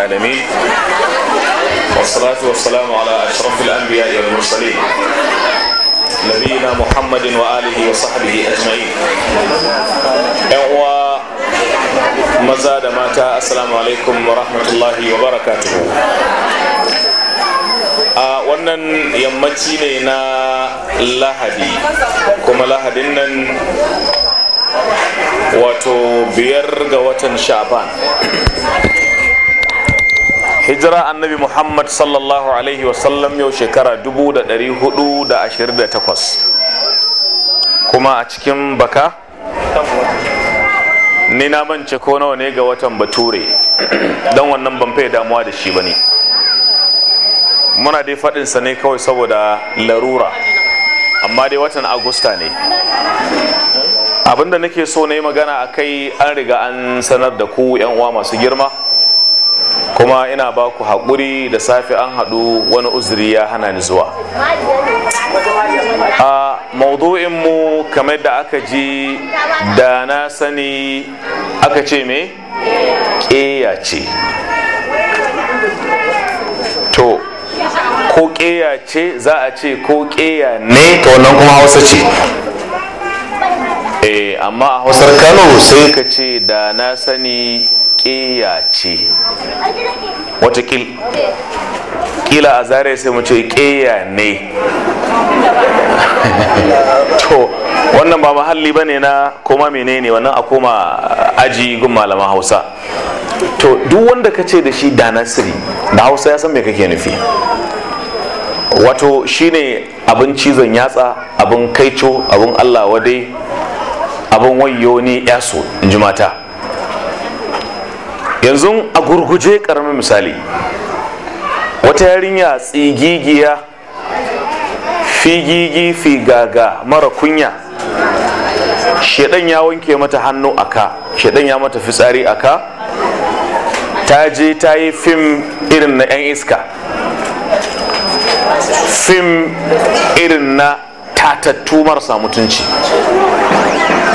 العالمين والصلاة والسلام على أشرف الأنبياء والمرسلين نبينا محمد وآله وصحبه أجمعين أعوى مزاد ماتا السلام عليكم ورحمة الله وبركاته a wannan yammaci ne na lahadi kuma lahadin nan wato biyar ga watan sha'ban hijira annabi muhammad sallallahu alaihi wasallam yau shekara 428 kuma a cikin baka ni na mance ko nawa ne ga watan bature don wannan ban fai damuwa da shi ba ne muna dai faɗinsa ne kawai saboda larura amma dai watan agusta ne abinda nake so na yi magana a kai an riga an sanar da ku 'yan uwa masu girma kuma ina ba ku haƙuri da safe an haɗu wani uzuri ya hana ni zuwa a mu kamar da aka ji da na sani aka ce me ƙeya ce to ko ƙeya ce za a ce ko ƙeya ne to nan kuma hausa ce eh, amma a hausar kano sai ka ce da na sani Ƙeya ce watakil kila a zare sai mu ce ne to wannan ba mahalli bane na koma menene wannan a koma aji gun malaman hausa to duk wanda ka ce da shi da nasiri da hausa ya san me kake nufi wato shine abin cizon yatsa abin kaico abin allah wadai abin wayo ne yaso in mata yanzu a gurguje karamin misali wata yarinya tsigigiya figigi figaga mara kunya shedan ya wanke mata hannu a ka shedan ya mata fitsari a ka ta je ta yi fim irin na 'yan iska fim irin na tatattu marasa mutunci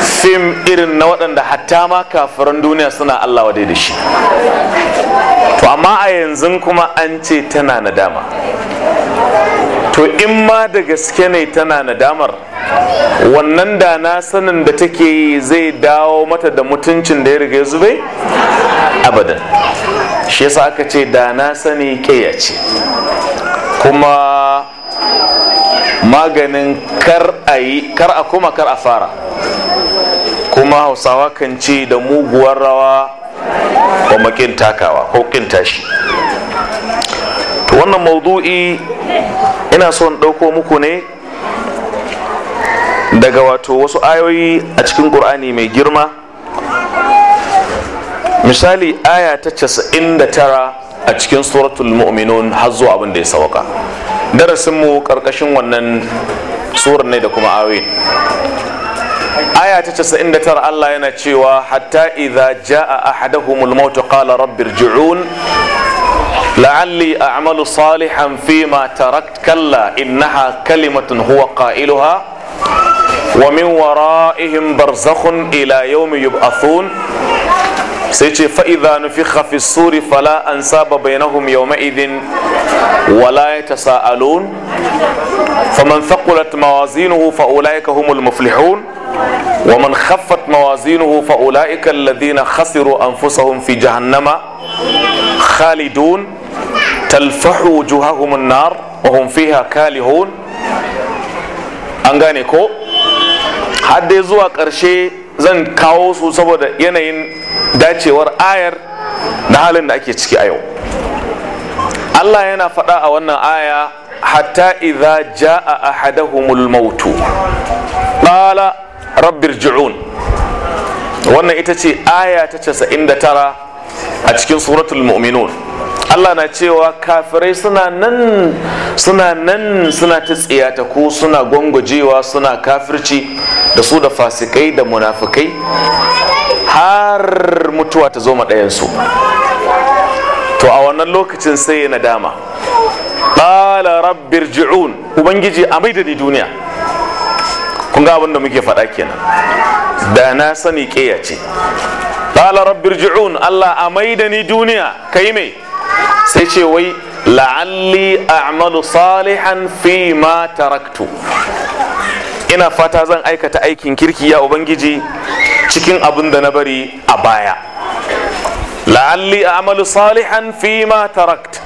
fim irin na waɗanda hatta ma kafiran duniya suna Allah wadai da shi to amma a yanzu kuma an ce tana nadama to in ma da gaske ne tana nadamar wannan da na sanin da take yi zai dawo mata da mutuncin da ya riga ya zube abadan shi yasa aka ce da na sani keya ce kuma maganin kar kar a kuma kar a fara kuma hausawa kan ce da muguwar rawa wa makin takawa ko kin tashi to wannan maudu'i ina son ɗauko muku ne daga wato wasu ayoyi a cikin ƙur'ani mai girma misali aya ta casa'in da tara a cikin suratul mu'minun har zuwa abin da ya sauka darasinmu ƙarƙashin wannan surar ne da kuma ayoyin aya ta 99 Allah yana cewa hatta idza jaa ahaduhumul maut qala rabbirji'un la'alli a'malu salihan fima tarakt kalla innaha kalimatun huwa qailuha wa min wara'ihim barzakhun ila yawmi yub'athun sai ce fa'iza nufikha fi suri fala an saba bainahum yawma idin wala ya tasa'alun faman thaqulat mawazinuhu fa ulaika humul muflihun ومن خفت موازينه فأولئك الذين خسروا أنفسهم في جهنم خالدون تلفح وجوههم النار وهم فيها كالهون أنغاني كو har dai zuwa ƙarshe zan kawo su saboda yanayin dacewar ayar da halin da ake ciki a yau Allah yana faɗa a wannan aya hatta idza jaa ahadahumul mautu qala rabbir ji'un wannan ita ce aya ta casa'in da tara a cikin suratul mu'minun Allah na cewa kafirai suna nan suna nan suna ta tsiyata ko suna gwangwajewa suna kafirci da su da fasikai da munafikai har mutuwa ta zo ɗayansu to a wannan lokacin sai ya nadama ƙala rabbir ji'un ubangiji a maida ni duniya kun ga abin da muke faɗa kenan da na sani ƙeya ce rabbi irji'un Allah a da ni duniya kai me sai ce wai la'alli a'malu salihan fi ma taraktu ina fata zan aikata aikin kirki ya ubangiji cikin abin da na bari a baya la'alli a'malu salihan fi ma tarakt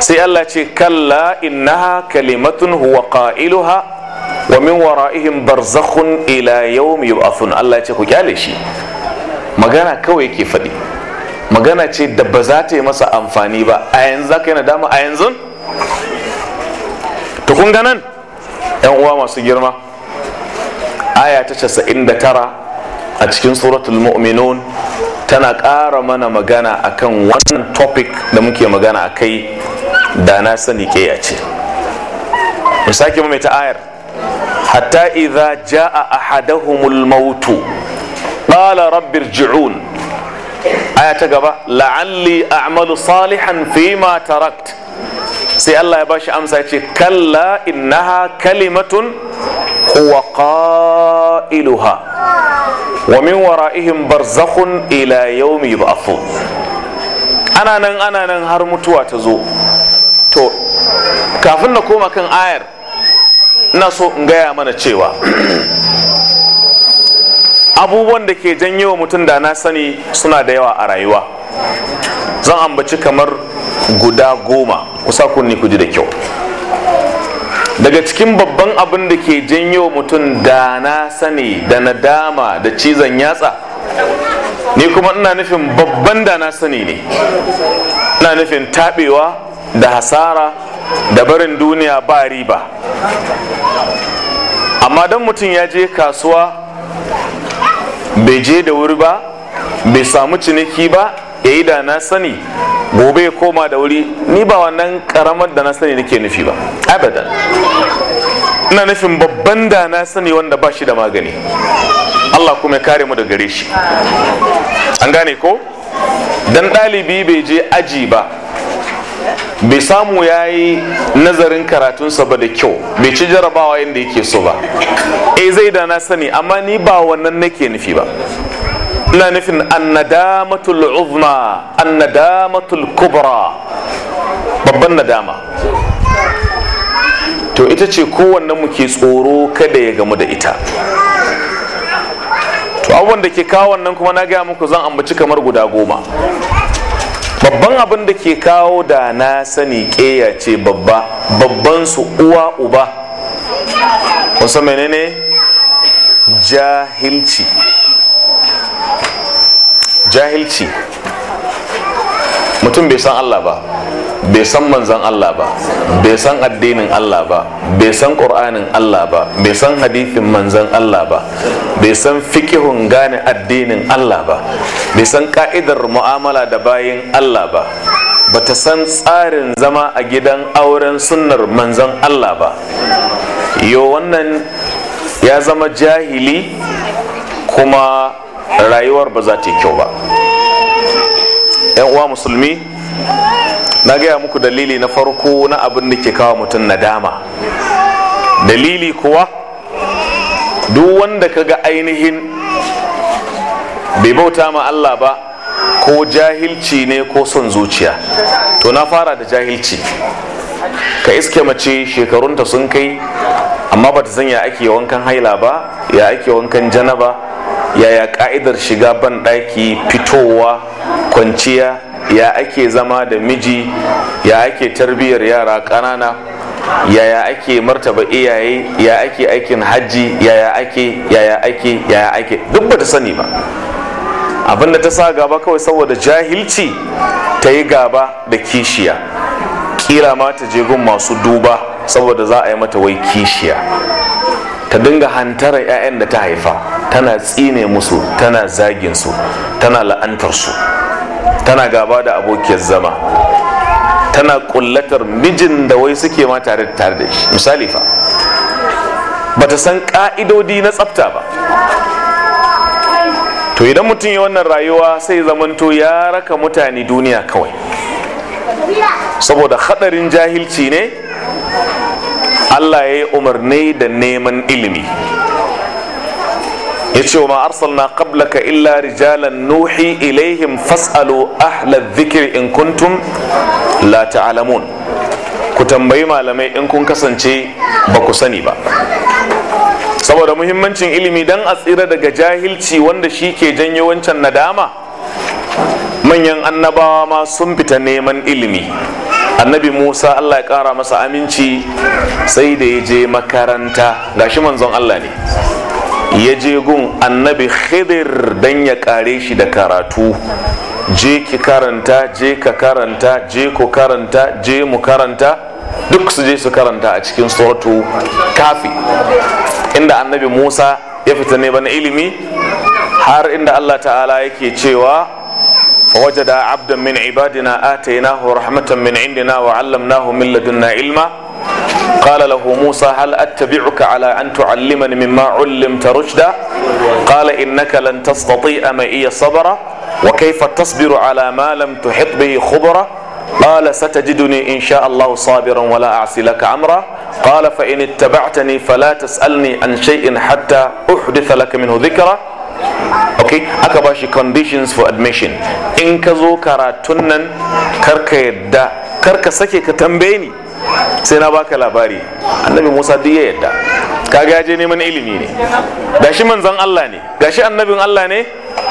sai Allah ce kalla innaha kalimatun huwa kailuha. wa min wara'ihim barzakhun ila yawmi yub'athun Allah ya ce ku kyale shi magana kawai yake faɗi magana ce da ba za ta yi masa amfani ba a yanzu zaka yana dama a yanzu to kun ga nan yan uwa masu girma aya ta 99 a cikin suratul mu'minun tana ƙara mana magana akan wannan topic da muke magana a kai da na sani ke ce mu sake ta ayar hatta idza jaa ahadahumul mautu qala rabbi irji'un aya ta gaba la'alli a'malu salihan fima tarakt sai Allah ya bashi amsa ya ce kalla innaha kalimatun huwa qailuha wa min wara'ihim barzakhun ila yawmi yub'athun ana nan ana nan har mutuwa ta zo to kafin na koma kan ayar ina so in gaya mana cewa abubuwan da ke janyo mutum da na sani suna da yawa a rayuwa zan ambaci kamar guda goma kusa kunni ku ji da kyau daga cikin babban abin da ke janyo mutum da na sani da nadama da cizon yatsa ni kuma ina nufin babban da na sani ne ina nufin tabewa, da hasara da barin duniya ba riba amma don mutum ya je kasuwa bai je da wuri ba bai samu ciniki ba ya yi da na sani gobe ya koma da wuri ni ba wannan karamar da na sani nake nufi ba abadan ina nufin babban da na sani wanda ba shi da magani Allah kuma ya kare mu da gare shi an gane ko dan ɗalibi bai je aji ba bai samu ya yi nazarin karatunsa ba da kyau bai ci jarabawa yadda yake so ba e zai da na sani amma ni ba wannan nake nufi ba ina nufin annadamatul uzma annadamatul kubra babban nadama to ita ce kowanne mu ke tsoro kada ya gamu da ita to abubuwan da ke kawo wannan kuma na gaya muku zan ambaci kamar guda goma babban abin da ke kawo da na sani keya ce babba babban su uwa uba wasu menene jahilci jahilci mutum bai san Allah ba bai san manzan Allah ba bai san addinin Allah ba bai san ƙur'anin Allah ba bai san hadithin manzan Allah ba bai san fikihun gane addinin Allah ba bai san ka'idar mu'amala da bayin Allah ba bata san tsarin zama a gidan auren sunnar manzan Allah ba yo wannan ya zama jahili kuma rayuwar ba za ta yi kyau ba 'yan uwa musulmi na gaya muku dalili na farko na abin da ke kawo mutum nadama dalili kuwa duk wanda ka ga ainihin bai bauta ma Allah ba ko jahilci ne ko son zuciya to na fara da jahilci ka iske mace shekarunta sun kai amma ba ta san ya ake wankan haila ba ya ake wankan janaba yaya ka'idar shiga ban ɗaki fitowa kwanciya ya ake zama da miji ya ake tarbiyyar yara ƙanana yaya ake martaba iyaye ya ake aikin hajji yaya ake yaya ake yaya ake duk ba ta sani ba abinda ta sa gaba kawai saboda jahilci ta yi gaba da kishiya kira ma ta je gun masu duba saboda za a yi mata wai kishiya ta dinga hantara 'ya'yan da ta haifa tana tsine musu tana zagin su tana la'antar su tana gaba da abokiyar zama tana kullatar mijin da wai suke ma tare tare da shi misali fa ba ta san ka'idodi na tsafta ba to idan mutum ya wannan rayuwa sai zamanto ya raka mutane duniya kawai saboda hadarin jahilci ne allah ya yi umarni da neman ilimi yace wa ma arsalna qablaka illa rijalan nuhi ilaihim fasalu ahla dhikri in kuntum la ta'lamun ku tambayi malamai in kun kasance ba ku sani ba saboda muhimmancin ilimi dan a tsira daga jahilci wanda shi ke janyo wancan nadama manyan annabawa ma sun fita neman ilimi annabi musa allah ya kara masa aminci sai da ya je makaranta gashi manzon allah ne ya je gun annabi khidir don ya kare shi da karatu je ki karanta je ka karanta je ku karanta je mu karanta duk su je su karanta a cikin suratu kafi inda annabi musa ya fita ne bana ilimi har inda allah ta'ala yake cewa wajada abdan min ibadina atainahu rahmatan min indina wa allamnahu min ladunna ilma قال له موسى هل أتبعك على أن تعلمني مما علمت رشدا قال إنك لن تستطيع مئي صبرا وكيف تصبر على ما لم تحط به خبرا قال ستجدني إن شاء الله صابرا ولا أعصي لك أمرا قال فإن اتبعتني فلا تسألني عن شيء حتى أحدث لك منه ذكرا okay aka conditions for admission in ka zo karatun nan sai na baka labari annabi musa duk ya yadda kaga ya je neman ilimi ne gashi manzon allah ne gashi annabin allah ne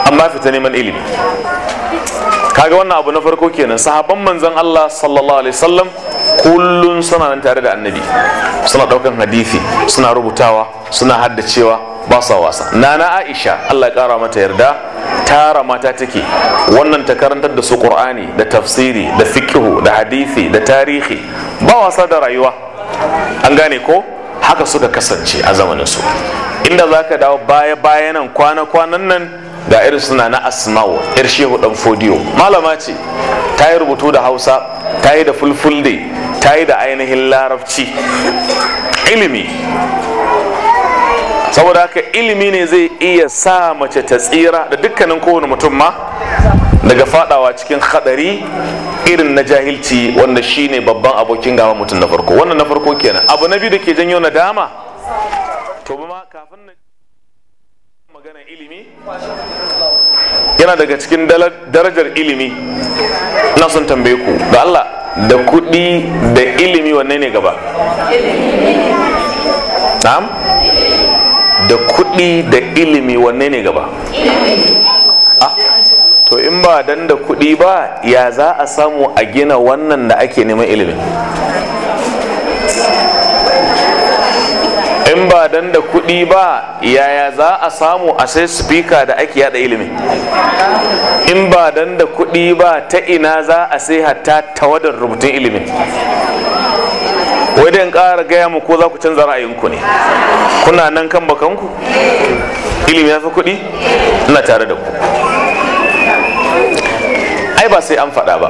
amma fita neman ilimi kaga wannan abu na farko kenan sahabban manzon allah sallallahu alaihi wasallam kullun suna nan tare da annabi suna daukan hadisi suna rubutawa suna haddacewa ba sa wasa nana aisha allah ya kara mata yarda tara mata take wannan ta karantar da su qur'ani da tafsiri da fiqhu da hadisi da tarihi ba wasa da rayuwa an gane ko haka suka kasance a zamanin su inda za ka dawo baya bayanan kwana-kwanan nan ga irin suna na asma'u yar shehu dan fodiyo malama ce ta yi rubutu da hausa ta yi da fulfulde ta yi da ainihin larabci ilimi saboda haka ilimi ne zai iya sa mace ta tsira da dukkanin kowane mutum ma daga fadawa cikin hadari irin na jahilci wanda shine babban abokin gaba mutum na farko wannan na farko kenan abu na biyu da ke janyo nadama to ma kafin na magana ilimi yana daga cikin darajar ilimi na sun tambaye ku da Allah da kudi da ilimi wanne ne gaba na'am da kudi da ilimi wannan ne gaba to in ba dan da kuɗi ba ya za a samu a gina wannan da ake neman ilimin in ba dan da kuɗi ba yaya za a samu a sai spika da ake yada ilimi in ba dan da kuɗi ba ta ina za a sai hatta tawadar rubutun ilimin wadda dan ƙara gaya mu ko za ku canza ra'ayinku ne kuna nan kan bakanku ilimi ya fi kuɗi ina tare da ku ba sai an faɗa ba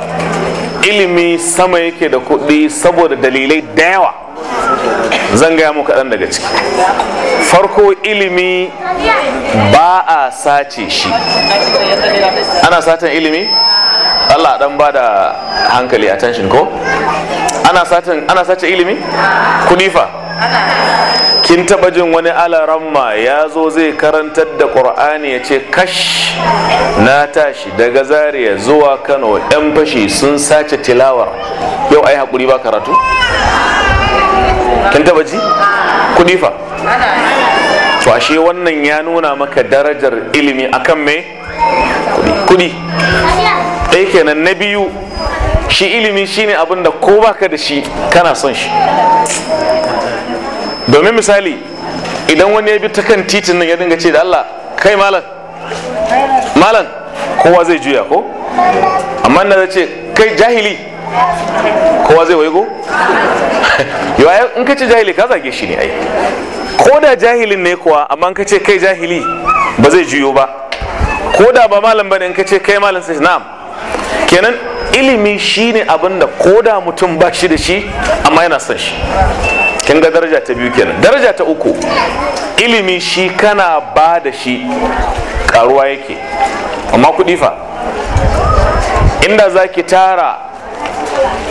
ilimi sama yake da kuɗi saboda dalilai da yawa zan gaya muka kaɗan daga ciki farko ilimi ba a sace shi ana satan ilimi Allah dan ba da hankali attention ko ana satin ana sace ilimi fa kin taba jin wani alaramma ya zo zai karantar da qur'ani ya ce kash na tashi daga Zariya zuwa kano yan fashi sun sace tilawar yau ai hakuri ba karatu kin taba ji kunifa to ashe wannan ya nuna maka darajar ilimi akan me kudi kudi ɗaya kenan na biyu shi ilimi shine abin da ko baka da shi kana son shi domin misali idan wani ya bi ta kan titin nan ya dinga ce da Allah kai malam malam kowa zai juya ko amma na zai ce kai jahili kowa zai waigo yawa in ka ce jahili ka zage shi ne ai ko da jahilin ne kuwa amma in ka ce kai jahili ba zai juyo ba ko da ba malam bane in ka ce kai malam sai na'am kenan ilimi shine abin da koda mutum ba shi da shi amma yana son shi kin ga daraja ta biyu kenan daraja ta uku ilimi shi kana ba da shi karuwa yake amma kuɗi fa inda za ki tara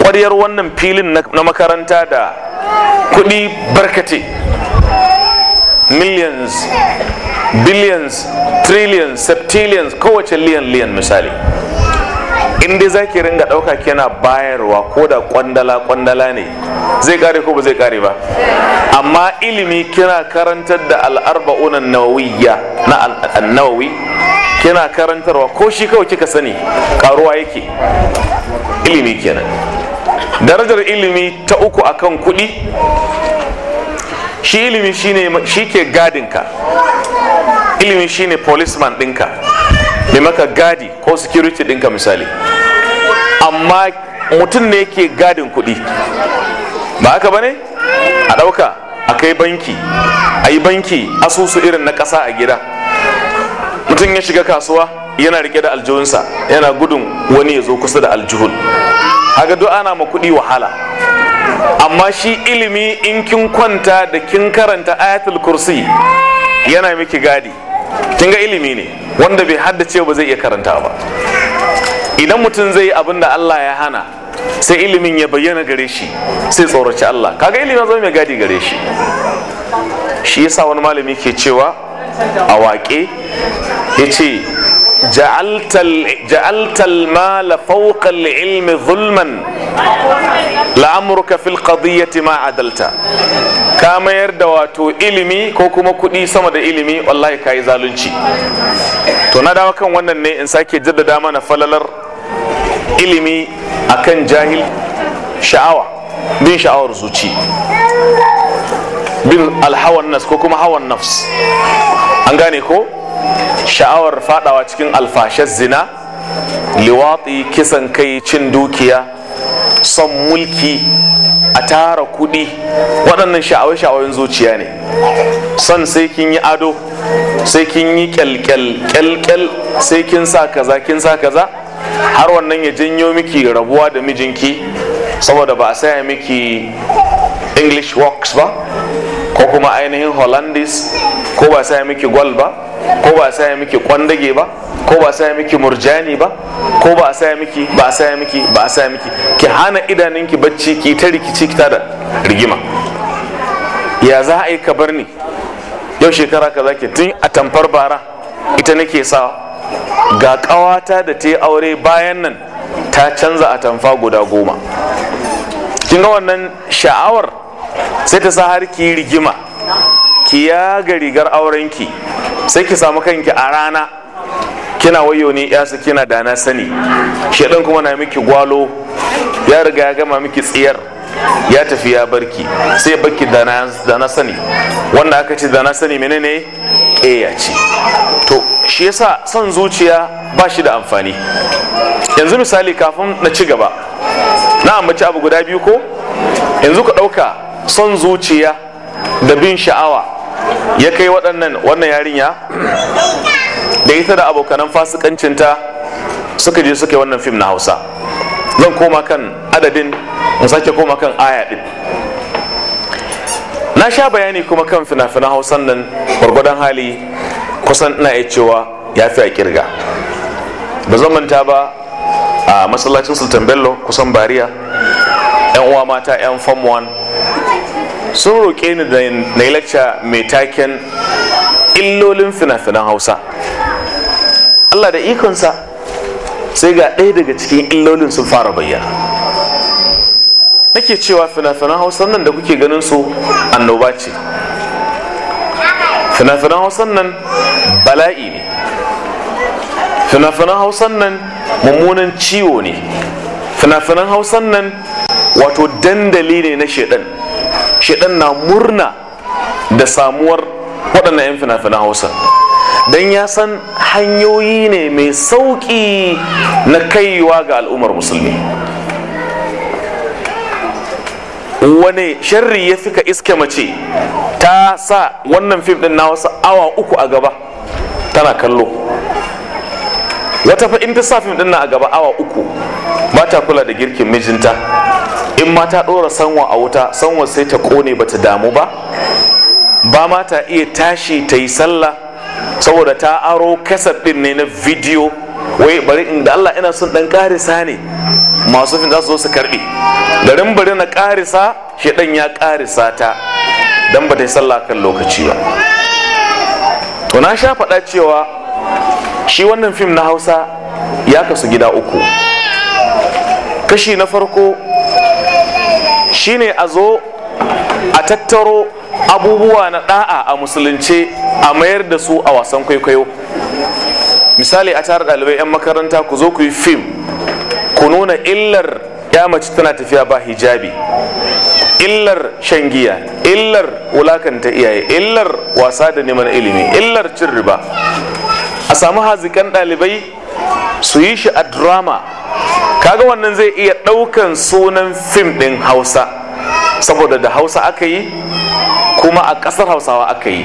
ƙwaryar wannan filin na makaranta da kudi barkate millions billions trillions septillions kowace liyan liyan misali in dai za ki ringa ɗauka kina bayarwa ko da kwandala kwandala ne zai kare ko ba zai kare ba amma ilimi kina karantar da al'arba'una nawawiyya na annawawi kina karantarwa ko shi kawai kika sani karuwa yake ilimi kenan darajar ilimi ta uku akan kuɗi shi ilimi shine shi ke gadinka ilimi shine policeman ɗinka mai maka gadi ko security ɗinka misali amma mutum ne ke gadin kuɗi ba haka ba ne a ɗauka a kai banki a yi banki asusu irin na ƙasa a gida mutum ya shiga kasuwa yana rike da aljihunsa yana gudun wani ya zo kusa da aljihun haka duk ana ma kuɗi wahala amma shi ilimi in kin kwanta da kin karanta ayatul kursi yana miki gadi kin ga ilimi ne wanda bai haddace ba zai iya karanta ba idan mutum zai yi abin da Allah ya hana sai ilimin ya bayyana gare shi sai tsoraci Allah kaga ilimin zama mai gadi gare shi shi yasa wani malami ke cewa a waƙe ya ce ja'altal mala fawqa ilmi zulman la'amurka fil qadiyyati ma adalta ka mayar da wato ilimi ko kuma kuɗi sama da ilimi wallahi ka yi zalunci to na dawo kan wannan ne in sake jaddada mana falalar ilimi kan jahil sha'awa bin sha'awar zuci bin alhawan nas ko kuma hawan nafs an gane ko sha'awar fadawa cikin alfashar zina liwatsi kisan kai cin dukiya son mulki a tara kuɗi waɗannan sha'awai-sha'awayin zuciya ne son sai kin yi ado sai kin yi kyalkyal sai kin sa kaza kin sa kaza har wannan ya janyo miki rabuwa da mijinki saboda ba a saya miki english works ba ko kuma ainihin hollandis ko ba a saya miki gwal ba ko ba a saya miki kwandage ba ko ba saya miki murjani ba ko ba a saya miki ba a saya miki ba a saya miki ki hana idaninki bacci ki ta rikici ki da rigima ya za a yi ka bar ni yau shekara ka zaki? tun a tamfar bara ita nake sa ga ƙawata da ta yi aure bayan nan ta canza a tamfa guda goma kin ga wannan sha'awar sai ta sa har ki rigima ki yaga rigar aurenki sai ki samu kanki a rana kina wayo ne yasa kina da na sani shedan kuma na miki gwalo ya riga ya gama miki tsiyar ya tafi ya barki sai barki da na sani wanda aka ce da na sani menene ƙeya ce to shi yasa son zuciya ba shi da amfani yanzu misali kafin na ci gaba na ambaci abu guda biyu ko yanzu ka ɗauka son zuciya da bin sha'awa ya kai waɗannan wannan yarinya da ita da abokanan fasikancinta suka je suka yi wannan fim na hausa zan koma kan adadin in sake koma kan aya din na sha bayani kuma kan fina-finan hausan nan gwargwadon hali kusan ina iya cewa ya fi a kirga ba zan manta ba a masallacin sultan bello kusan bariya yan uwa mata yan form sun roƙe ni da na lecture mai taken illolin fina-finan hausa allah da ikonsa sai ga ɗaya daga cikin illolin sun fara bayyana nake cewa fina-finan hausa nan da kuke ganin su annoba ce fina-finan hausan nan bala'i ne fina-finan hausan nan mummunan ciwo ne fina-finan hausan nan wato dandali ne na shaidan shaɗan na murna da samuwar waɗannan 'yan fina-finan hausa don ya san hanyoyi ne mai sauƙi na kaiwa ga al'ummar musulmi wane sharri ya fi ka iske mace ta sa wannan fim ɗin na wasu awa uku a gaba tana kallo wata fa in ta sa fim a gaba awa uku ba ta kula da girkin mijinta in ma ta ɗora sanwa a wuta sanwa sai ta ƙone ba ta damu ba ba ma ta iya tashi ta yi sallah saboda ta aro kasafin ne na bidiyo wai bari in da Allah ina son dan karisa ne masu fin za su zo su karbi garin bari na karisa shi dan ya karisa ta dan ba ta yi sallah kan lokaci ba to na sha faɗa cewa shi wannan fim na hausa ya kasu gida uku kashi na farko shine a zo a tattaro abubuwa na da'a a musulunce a mayar da su a wasan kwaikwayo misali a tara ɗalibai 'yan makaranta ku zo ku yi fim ku nuna illar ya mace tana tafiya ba hijabi illar shan giya illar wulakanta iyaye illar wasa da neman ilimi illar cin riba a samu hazikan ɗalibai su yi shi a drama kaga wannan zai iya ɗaukan sunan fim ɗin hausa saboda da hausa aka yi kuma a ƙasar hausawa aka yi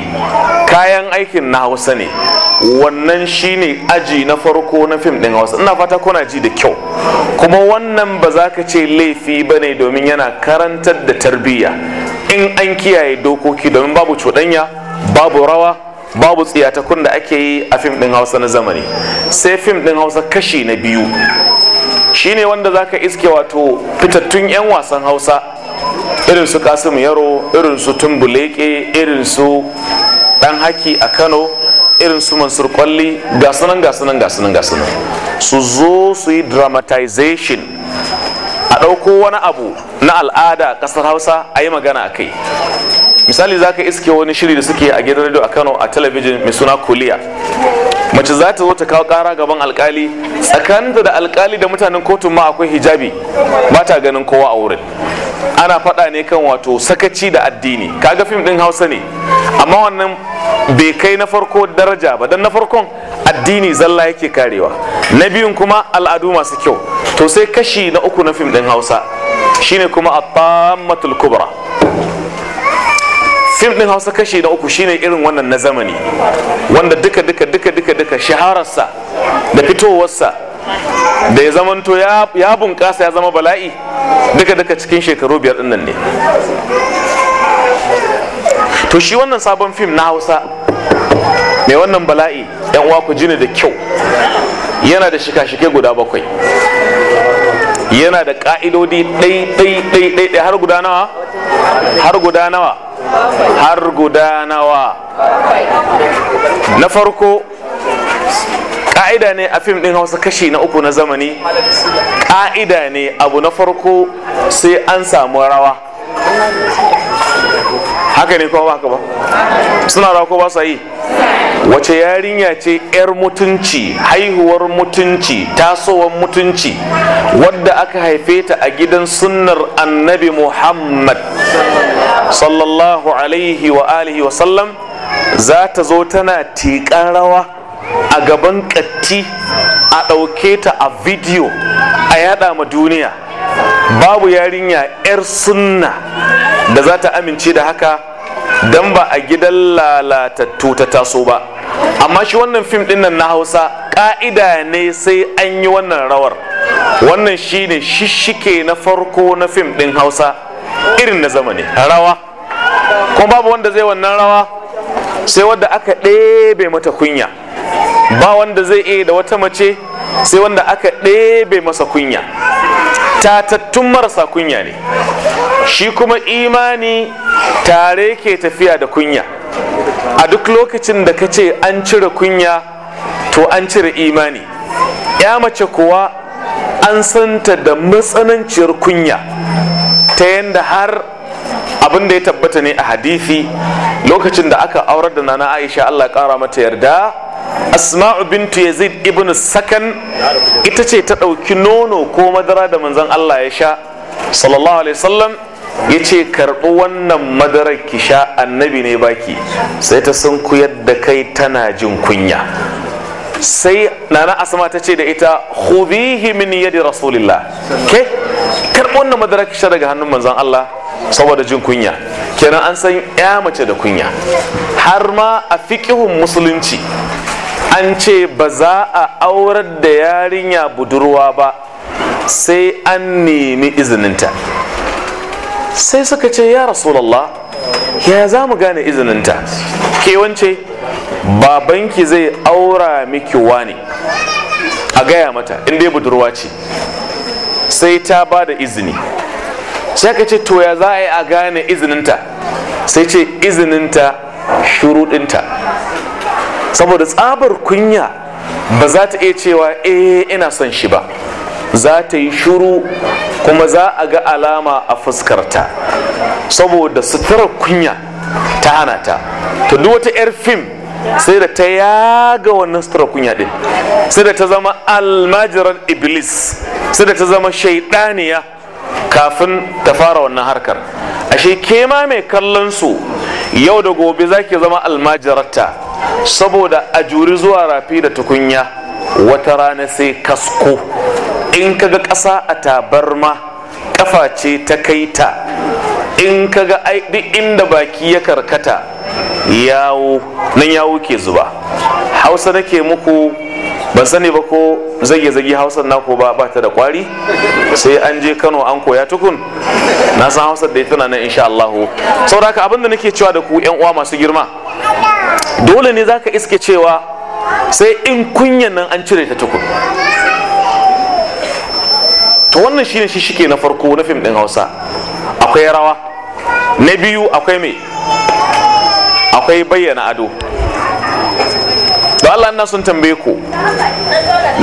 kayan aikin na hausa ne wannan shine aji na farko na fim ɗin hausa ina fata kuna ji da kyau kuma wannan ba za ka ce laifi ba ne domin yana karantar da tarbiyya in an kiyaye dokoki domin babu cuɗanya babu rawa babu tsiyatakun da ake yi a fim ɗin hausa na zamani sai fim ɗin hausa kashi na biyu shine wanda za ka iske wato fitattun 'yan wasan hausa irin su kasim yaro irin su tumbuleke irin su dan haki a kano irin su mansur kwalli gasunan gasunan gasunan gasunan su zo su yi dramatization a ɗauko wani abu na al'ada ƙasar hausa a yi magana a kai misali za ka iske wani shiri da suke a gidan radio a kano a talabijin mai suna Koliya. mace za ta zo ta kawo kara gaban alkali tsakaninta da alkali da mutanen kotun ma akwai hijabi ba ta ganin kowa a wurin ana faɗa ne kan wato sakaci da addini kaga fim ɗin hausa ne amma wannan bai kai na farko daraja ba dan na farkon addini zalla yake karewa na biyun kuma al'adu masu kyau to sai kashi na uku na fim ɗin hausa shine kuma a kubra fim din hausa kashi na uku shine irin wannan na zamani wanda duka duka duka duka duka shahararsa da fitowarsa da ya zamanto ya bunƙasa ya zama bala'i duka duka cikin shekaru biyar din ne to shi wannan sabon fim na hausa mai wannan bala'i yan uwa jini da kyau yana da shika-shike guda bakwai yana da ƙa'idodi ɗai ɗai ɗai ɗai har guda nawa har guda nawa har guda nawa na farko ƙa'ida ne a fim ɗin hausa kashi na uku na zamani ƙa'ida ne abu na farko sai an samu rawa haka ne kuma baka ba suna rawa ko ba su yi wace yarinya ce 'yar mutunci haihuwar mutunci tasowar mutunci wadda aka haife ta a gidan sunnar annabi muhammad sallallahu alaihi wa alihi wa sallam za ta zo tana tiƙan rawa a gaban ƙatti a ɗauke ta a bidiyo a yada ma duniya babu yarinya 'yar sunna da za ta amince da haka don ba a gidan lalatattu ta taso ba amma shi wannan fim ɗin nan na hausa ƙa'ida ne sai an yi wannan rawar wannan shi ne shishike na farko na fim ɗin hausa irin na zama ne, rawa kuma babu wanda zai wannan rawa sai wanda aka ɗebe mata kunya ba wanda zai iya da wata mace sai wanda aka ɗebe masa kunya tatattun marasa kunya ne shi kuma imani tare ke tafiya da kunya a duk lokacin da ka ce an cire kunya to an cire imani ya mace kuwa an santa da matsananciyar kunya ta yadda har abin da ya tabbata ne a hadithi lokacin da aka aurar da nana aisha allah kara mata yarda asma'u bintu yazid ibn sakan ita ce ta ɗauki nono ko madara da manzon allah ya sha sallallahu alaihi wasallam ya ce karɓi wannan madarar ki sha annabi ne baki sai ta sun kuyar da kai tana jin kunya sai nana asma ta ce da ita khudhihi min yadi rasulillah ke karbo wannan madara daga hannun manzon Allah saboda jin kunya kenan an san ya mace da kunya har ma a fiqihun musulunci an ce ba za a aurar da yarinya budurwa ba sai an nemi izininta sai suka ce ya rasulallah ya za mu gane izininta ke wance babanki zai aura miki wani a gaya mata in dai budurwa ce sai ta ba da izini sai ka ce to ya za a yi a gane izininta sai ce izininta shuruɗinta saboda tsabar kunya ba za ta iya cewa eh ina son shi ba za ta yi shuru kuma za a ga alama a fuskarta saboda sutura kunya ta hana ta to duk wata 'yar fim sai da ta yaga wannan sutura kunya din sai da ta zama almajirar iblis sai da ta zama shaidaniya kafin ta fara wannan harkar ashe ke ma mai kallon su yau da gobe za zaki zama almajirarta saboda a juri zuwa rafi da tukunya wata rana sai kasko in kaga ƙasa a tabarma ƙafa ce ta kaita in kaga duk inda baki ya karkata yawo nan yawo ke zuba hausa nake muku ban sani ba ko zage zage hausar naku ba ba ta da kwari sai an je kano an koya tukun na san hausar da ya tana nan insha Allahu saboda haka abinda nake cewa da ku yan uwa masu girma dole ne zaka iske cewa sai in kunyan nan an cire ta tukun to wannan shine shi shike na farko na fim din Hausa akwai rawa na biyu akwai me akwai bayyana ado da Allah na sun tambaye ku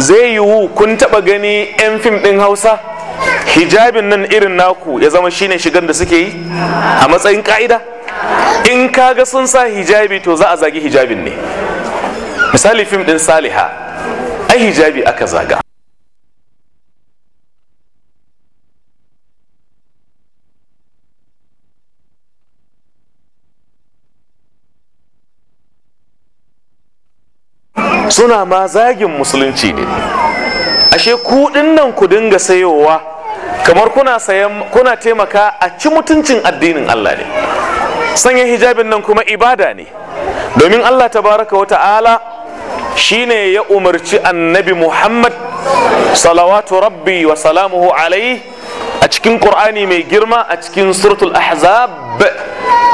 zai yiwu kun taba gani 'yan fim ɗin hausa hijabin nan irin naku ya zama shine shigar da suke yi a matsayin ka'ida in ka ga sun sa hijabi to za a zagi hijabin ne misali fim ɗin saliha ai hijabi aka zaga suna ma zagin musulunci ne ashe kuɗin nan ku dinga sayowa kamar kuna sayan kuna taimaka a ci mutuncin addinin Allah ne sanya hijabin nan kuma ibada ne domin Allah tabaraka wa ta'ala shine ya umarci annabi Muhammad salawatu rabbi wa salamuhu alaihi a cikin Qur'ani mai girma a cikin suratul ahzab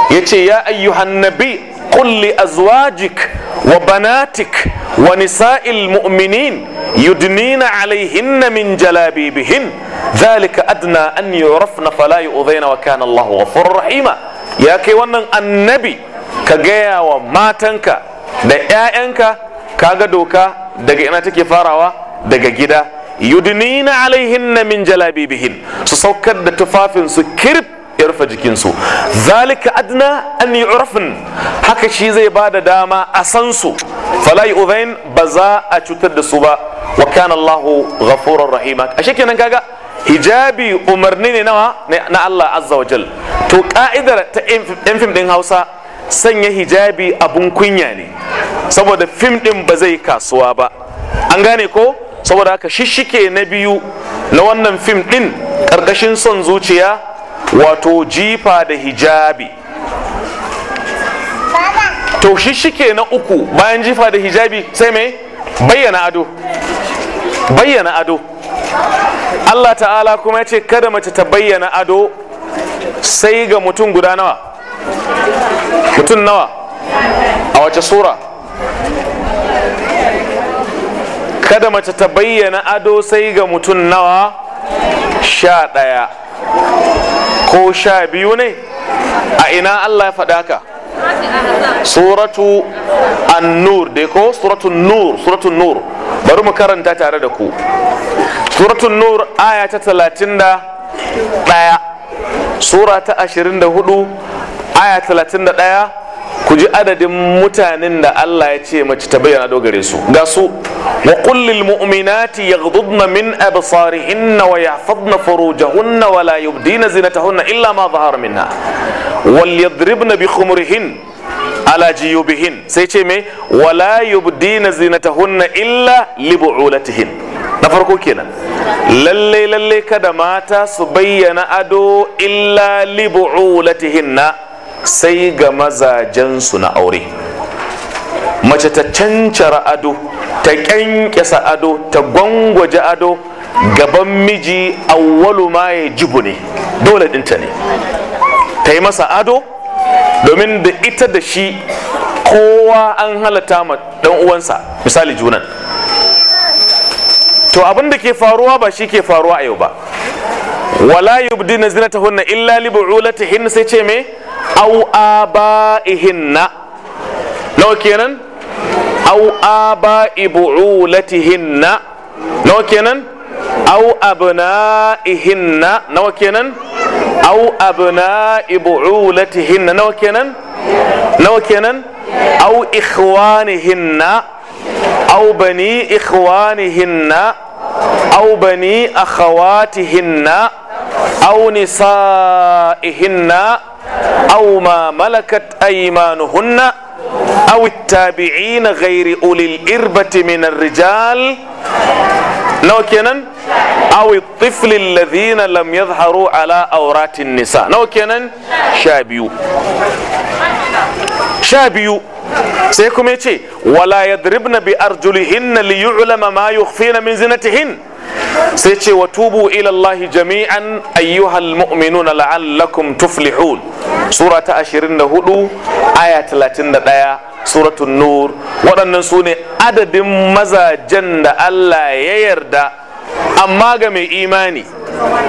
yace ya ayyuhan nabi qul li azwajik wa banatik wa nisa'il mu'minin yudnina alaihinna min jalabibihin zalika adna an yurafna fala yu'dhaina wa kana Allahu ghafurur rahima ya kai wannan annabi ka gaya wa matanka da 'ya'yanka kaga doka daga ina take farawa daga gida yudnina alaihinna min jalabibihin su saukar da tufafinsu kirf ya rufe jikinsu zalika adna an yu'rafun haka shi zai ba da dama asansu. falai uvain ba za a cutar da su ba wa kana Allahu ghafurur rahima ashe kenan kaga hijabi umarni ne nawa na Allah azza wa jal to ka'idar ta yan fim din Hausa sanya hijabi abun kunya ne saboda fim din ba zai kasuwa ba an gane ko saboda haka shishike na biyu na wannan fim din karkashin son zuciya wato jifa da hijabi to shi shike na uku bayan jifa da hijabi sai mai bayyana ado bayyana ado Allah ta'ala kuma ya ce kada mace ta bayyana ado sai ga mutum guda nawa mutum nawa a wace sura kada mace ta bayyana ado sai ga mutum nawa sha ɗaya ko sha biyu ne a ina Allah ya faɗa ka suratu an-nur dai ko suratu nur suratu nur bari mu karanta tare da ku suratu nur aya ta talatin da ɗaya sura ta ashirin da hudu aya talatin da ɗaya ku ji adadin mutanen da Allah ya ce mace ta bayyana dogare su ga su wa kullil mu'minati yaghdudna min absarihinna wa yahfazna furujahunna wa la yubdina zinatahunna illa ma zahara minha wal yadribna bi khumurihin ala jiyubihin sai ce me wa la yubdina zinatahunna illa li bu'ulatihin na farko kenan lalle lalle kada mata su bayyana ado illa li bu'ulatihinna sai ga mazajensu na aure mace ta cancara ado ta kyankyasa ado ta gwangwaje ado gaban miji awwalu ma ya jibu ne dole dinta ne ta yi masa ado domin da ita da shi kowa an halatta ma dan uwansa misali junan to abin da ke faruwa ba shi ke faruwa a yau ba wala yubdina zinatahunna illa li bu'ulatihin sai ce me au aba'ihinna nawa kenan au aba'i bu'ulatihinna nawa kenan au abna'ihinna nawa kenan au abna'i bu'ulatihinna nawa kenan nawa kenan au ikhwanihinna au bani ikhwanihinna au bani akhawatihinna au nisa'ihinna أو ما ملكت أيمانهن أو التابعين غير أولي الإربة من الرجال نو نعم، كينن أو الطفل الذين لم يظهروا على أورات النساء نو نعم، كينن شابيو شابيو سيكم يتي ولا يضربن بأرجلهن ليعلم ما يخفين من زينتهن sai ce wa tubu ila Allah jami'an ayyuhal mu'minuna la'allakum tuflihun sura ta 24 aya 31 suratul nur waɗannan su ne adadin mazajen da Allah ya yarda amma ga mai imani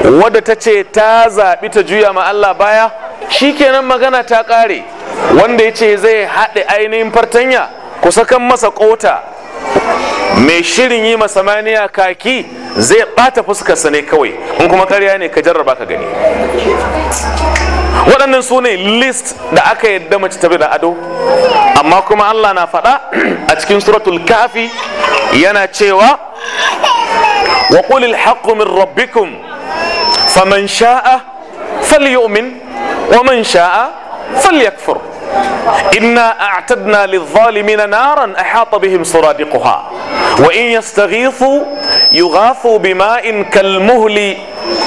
wadda ta ce ta zaɓi ta juya ma Allah baya shikenan magana ta ƙare wanda ya ce zai haɗe ainihin fartanya ku sakan masa ƙota mai shirin yi samaniya kaki zai ɓata fuskarsa ne kawai in kuma karya ne ka jarraba ka gani waɗannan su ne list da aka yadda mace ta da ado amma kuma allah na faɗa a cikin suratul kafi yana cewa wa qulil haqqu min rabbikum faman sha'a falyu'min wa man sha'a falyakfur إنا أعتدنا للظالمين نارا أحاط بهم سرادقها وإن يستغيثوا يغاثوا بماء كالمهل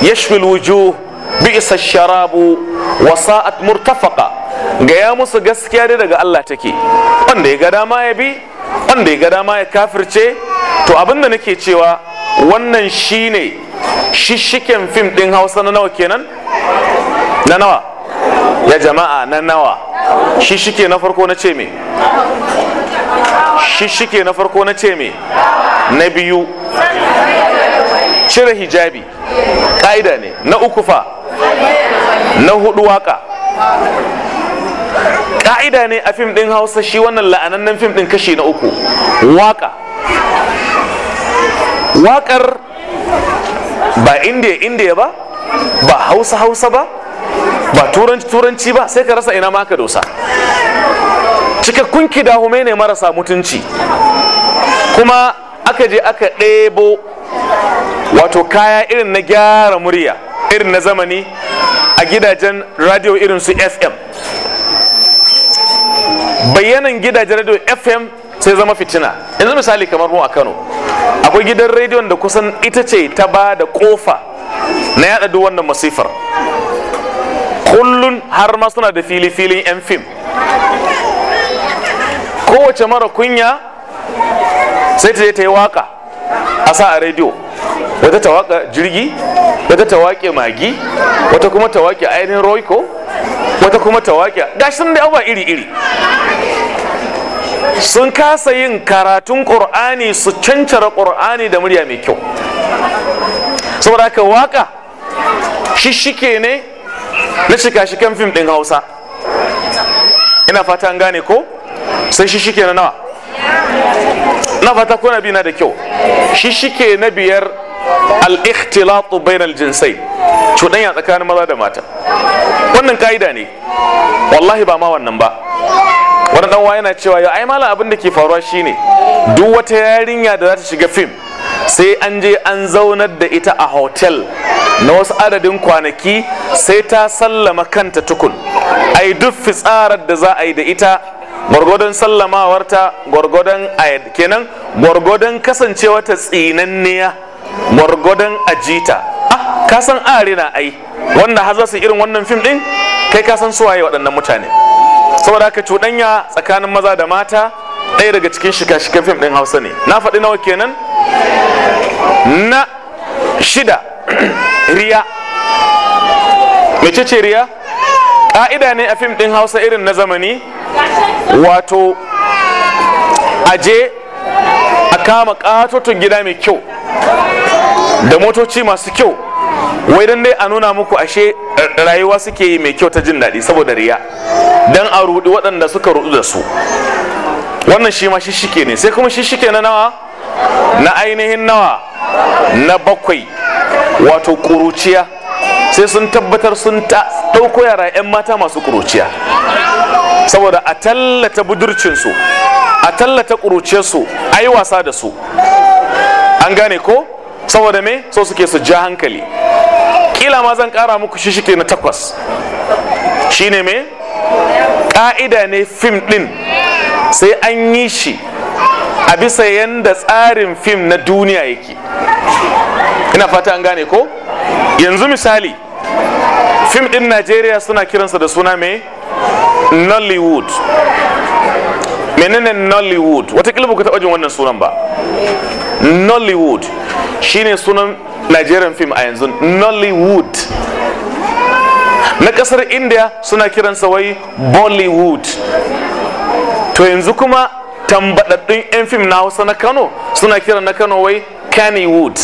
يشوي الوجوه بئس الشراب وساءت مرتفقة gaya musu gaskiya dai daga Allah take wanda ya ga dama ya bi wanda ya ga dama ya kafirce to abinda nake cewa wannan shine shishiken fim din Hausa na nawa kenan na nawa ya jama'a na nawa shi shike na farko na ce me shi shike na farko na ce me na biyu cire hijabi ƙa'ida ne na uku fa na hudu waka ƙa'ida ne a fim ɗin hausa shi wannan la'anannen fim ɗin kashi na uku waka wakar ba indiya indiya ba ba hausa hausa ba ba turanci turanci ba sai ka rasa ina ma ka dosa cikakkun kidahume ne marasa mutunci kuma aka je aka ɗebo wato kaya irin na gyara murya irin na zamani a gidajen radio irin su fm bayanan gidajen radio fm sai zama fitina yanzu misali kamar mu a kano akwai gidan rediyon da kusan ita ce ta ba da kofa na yada duk wannan masifar kullun har ma suna da fili filin yan fim kowace mara kunya sai ta je ta yi waka a sa a rediyo wata ta waka jirgi wata ta wake magi wata kuma ta wake ainihin roiko wata kuma ta wake gashi sun da abuwa iri iri sun kasa yin karatun ƙur'ani su cancara ƙur'ani da murya mai kyau saboda haka waka shishike ne na shika-shikan fim ɗin hausa ina fata an gane ko sai shi shike na nawa na fata ko nabi na da kyau shi shike na biyar al-ikhtilatu bainal jinsai cuɗanya tsakanin maza da mata wannan ka'ida ne wallahi ba ma wannan ba wani ɗan yana cewa ya ai malam abin da ke faruwa shine duk wata yarinya da za ta shiga fim sai an je an zaunar da ita a hotel na wasu adadin kwanaki sai ta sallama kanta tukun ai duk fitsarar da za a yi da ita gwargwadon sallamawarta gwargwadon ayat kenan gwargwadon kasancewa ta tsinanniya gwargwadon ajita ah ka san na ai wanda har su irin wannan fim din kai ka san suwaye waɗannan mutane saboda haka cuɗanya tsakanin maza da mata ɗaya daga cikin shika-shikan fim ɗin hausa ne na faɗi nawa kenan na shida riya mecece riya ƙa'ida ne a fim ɗin hausa irin na zamani wato aje a kama ƙatoton gida mai kyau da motoci masu kyau wai don dai a nuna muku ashe rayuwa suke yi mai kyau ta jin daɗi saboda riya Don a ruɗu waɗanda suka ruɗu da su wannan shi ma shishike ne sai kuma shishike na nawa na ainihin nawa na bakwai wato ƙuruciya sai sun tabbatar sun ta ɗauko yara 'yan mata masu kuruciya saboda a tallata budurcinsu a tallata ƙuruciyarsu a yi wasa da su an gane ko saboda me so suke su ja hankali kila ma zan ƙara muku shi shike na takwas shine me ƙa'ida ne fim ɗin sai an yi shi a bisa yanda tsarin fim na duniya yake ina fata an gane ko yanzu misali fim din najeriya suna kiransa da suna mai nollywood menene nollywood watakila ba ku taɓa jin wannan sunan ba nollywood shine sunan nigerian film a yanzu nollywood na ƙasar india suna kiransa wai bollywood to yanzu kuma baɗaɗɗun yan fim na hausa na kano suna kira na kano wai Wood.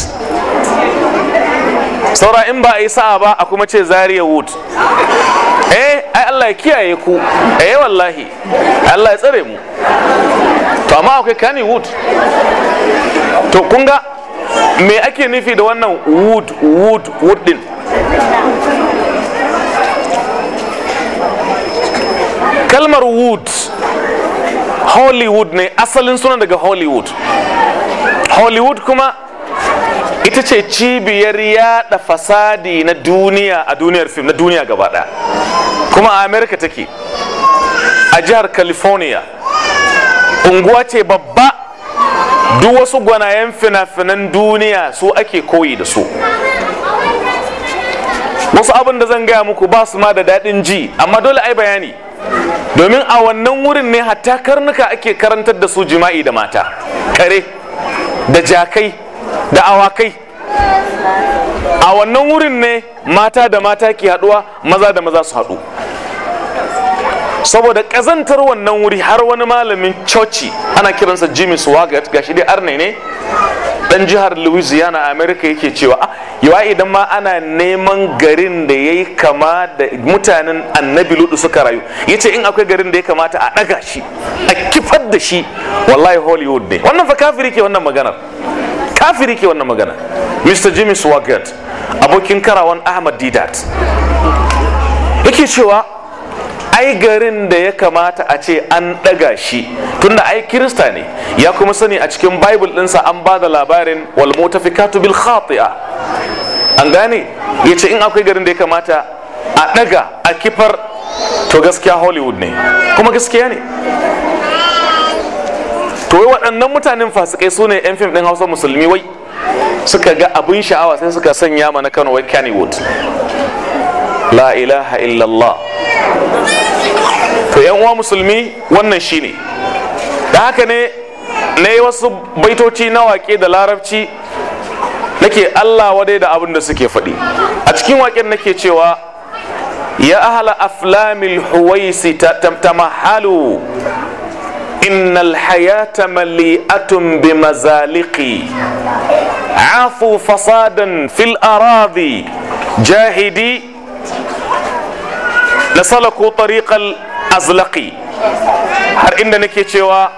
saura in ba a yi sa'a ba a kuma ce Zariya wood eh ai allah ya kiyaye ku eh wallahi allah ya tsare mu to amma akwai wood to kun ga me ake nufi da wannan wood wood wood din kalmar wood hollywood ne asalin sunan daga hollywood hollywood kuma ita ce cibiyar yada fasadi na duniya a duniyar fim na duniya gaba kuma a america take a jihar california unguwa ce babba duk wasu gwanayen fina-finan duniya su ake koyi da su wasu abin da zan gaya muku ba su ma da daɗin ji amma dole ai bayani domin a wannan wurin ne hatta karnuka ake karantar da su jima'i da mata kare da jakai da awakai a wannan wurin ne mata da mata ke haduwa maza da maza su haɗu saboda ƙazantar wannan wuri har wani malamin coci ana kiransa jimmy swaggart gashi dai arne ne dan jihar louisiana a america yake cewa ah, yawa idan ma ana neman garin da ya yi kama da mutanen annabi ludu suka rayu ya ce in akwai garin da ya kamata a ɗaga shi a kifar da shi wallahi hollywood ne wannan fa kafiri ke wannan maganar kafiri ke wannan magana mr jimmy swaggart abokin karawan ahmad didat yake cewa ai garin da ya kamata a ce an ɗaga shi tunda ai kirista ne ya kuma sani a cikin bible ɗinsa an ba da labarin wal mutafikatu bil khati'a an gane ya ce in akwai garin da ya kamata a ɗaga a kifar to gaskiya hollywood ne kuma gaskiya ne to wai waɗannan mutanen fasikai su ne 'yan fim ɗin hausa musulmi wai suka ga abin sha'awa sai suka sanya mana kano wai kennywood la ilaha illallah to yan uwa musulmi wannan shine da haka ne na yi wasu baitoci na wake da larabci nake Allah wadai da abin da suke faɗi a cikin waƙen nake cewa ya ahala aflamil huwaisi tamtama halu innal hayata mali'atun bi mazaliki afu fasadan fil aradi jahidi na طريق azlaqi har inda nake cewa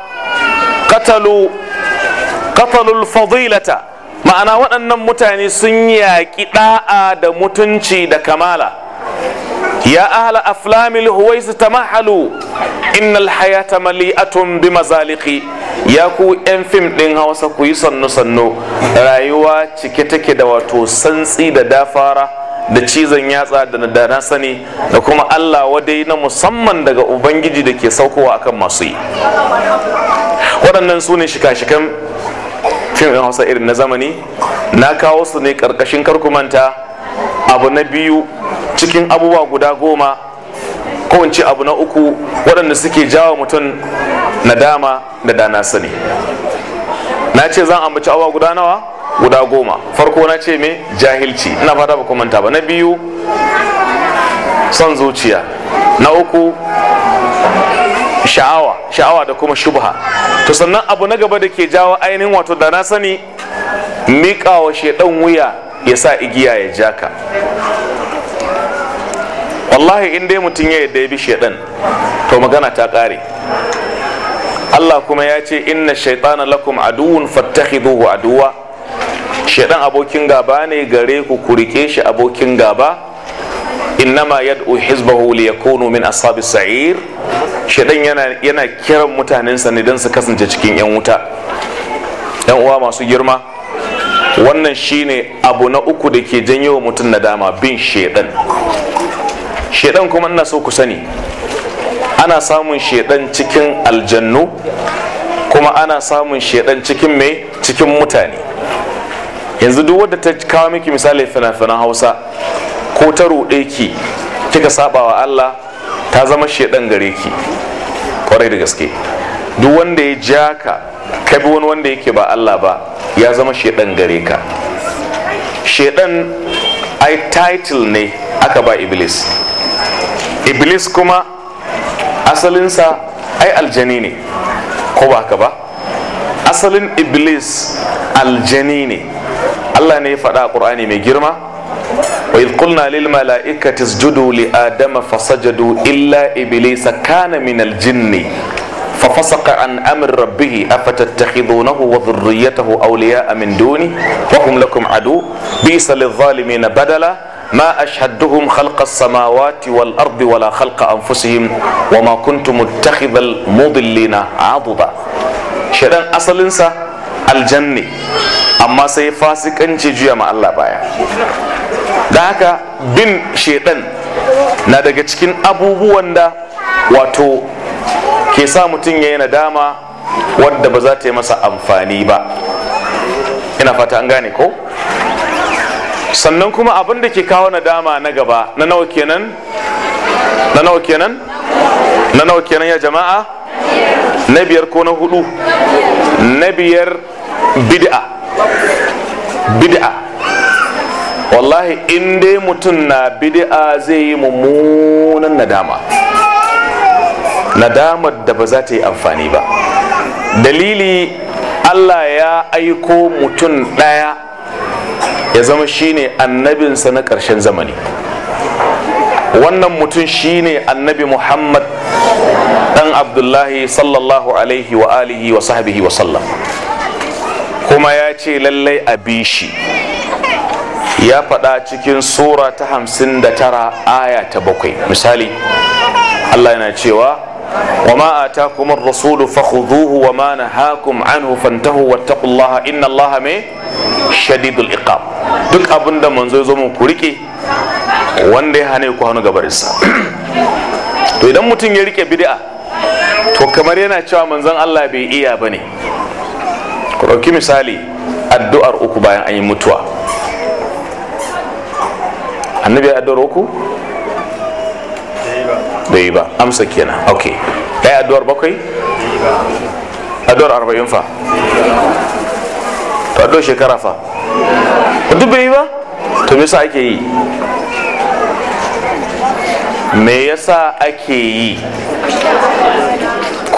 qatalu qatalul fadilata ma'ana waɗannan mutane sun yaƙi ɗa'a da mutunci da kamala ya ahla aflamil huwais tamahalu innal hayata mali'atun bi mazaliki ya ku yan fim ɗin hausa ku yi sannu sannu rayuwa cike take da wato santsi da dafara da cizon yatsa da na sani da kuma Allah wadai na musamman daga ubangiji da ke saukowa akan masu yi waɗannan su ne shika-shikan fim ɗin hausa irin na zamani na kawo su ne ƙarƙashin karkumanta abu na biyu cikin abubuwa guda goma ko abu na uku waɗanda suke jawo mutum nadama da dana sani na ce zan ambaci abubuwa guda nawa guda goma farko na ce me jahilci ina fata ba manta ba na biyu son zuciya na uku sha'awa sha'awa da kuma shubha to sannan abu na gaba da ke jawo ainihin wato da na sani miƙawa shaidan wuya ya sa igiya ya ka. wallahi in dai mutum ya yadda ya bi shaidan to magana ta ƙare Allah kuma ya ce inna shaitana lakum aduwun fattakhidhuhu aduwa shaidan abokin gaba ne gare ku ku rike shi abokin gaba innama yad'u hizbahu liyakunu min ashabis sa'ir shaidan yana yana kiran mutanensa ne don su kasance cikin yan wuta yan uwa masu girma wannan shine abu na uku da ke janyo mutum nadama bin shaidan shaidan kuma ina so ku sani ana samun shaidan cikin aljannu kuma ana samun shaidan cikin mai cikin mutane yanzu duk wadda ta kawo miki misali fina-finan hausa ko ta ruɗe ki kika saba wa allah ta zama shedan gare ki kwarai da gaske duk wanda ya ja ka kai bi wani wanda yake ba allah ba ya zama shedan gare ka shedan ai title ne aka ba iblis iblis kuma asalinsa ai aljani ne ko ba haka ba asalin iblis aljani ne Allah ne ya faɗa مي mai girma قلنا للملائكه اسجدوا لادم فسجدوا الا ابليس كان من الجن ففسق عن امر ربه افتتخذونه وذريته اولياء من دوني وهم لكم عدو بئس للظالمين بدلا ما أشهدهم خلق السماوات والارض ولا خلق انفسهم وما كنت متخذ المضلين عضدا شيطان اصل انسى الجنه amma sai fasikanci juya ma Allah baya da haka bin shedan na daga cikin abubuwan da wato ke sa mutum ya yi nadama wadda ba za ta yi masa amfani ba ina fata an gane ko sannan kuma abin da ke kawo nadama na gaba na nawa kenan na nawa kenan na nawa kenan ya jama'a na biyar ko na hudu na biyar bid'a bid'a wallahi in dai mutum na bid'a zai yi mummunan nadama nadamar da ba za ta yi amfani ba dalili allah ya aiko mutum ɗaya ya zama shine annabinsa na ƙarshen zamani wannan mutum shine annabi muhammad dan abdullahi sallallahu alaihi wa alihi wa sahbihi wa sallam kuma ya ce lallai a bi shi ya faɗa cikin sura ta hamsin da tara aya ta bakwai misali Allah yana cewa wa ma rasu da rasulu fakhudhuhu wa ma nahakum anhu fantahu wattaqullaha inna Allaha me shadidul iqab duk abinda manzo zo mu ku wanda ya hane ku hannu gabarinsa to idan mutum ya rike bid'a to kamar yana cewa manzon Allah bai iya bane ku ɗauki misali addu'ar uku bayan an yi mutuwa annabi ya addu'ar uku da yi ba amsa kenan ok ɗaya addu'ar bakwai addu'ar arba'in fa to addu'ar shekara fa duk bai yi ba to me yasa ake yi me yasa ake yi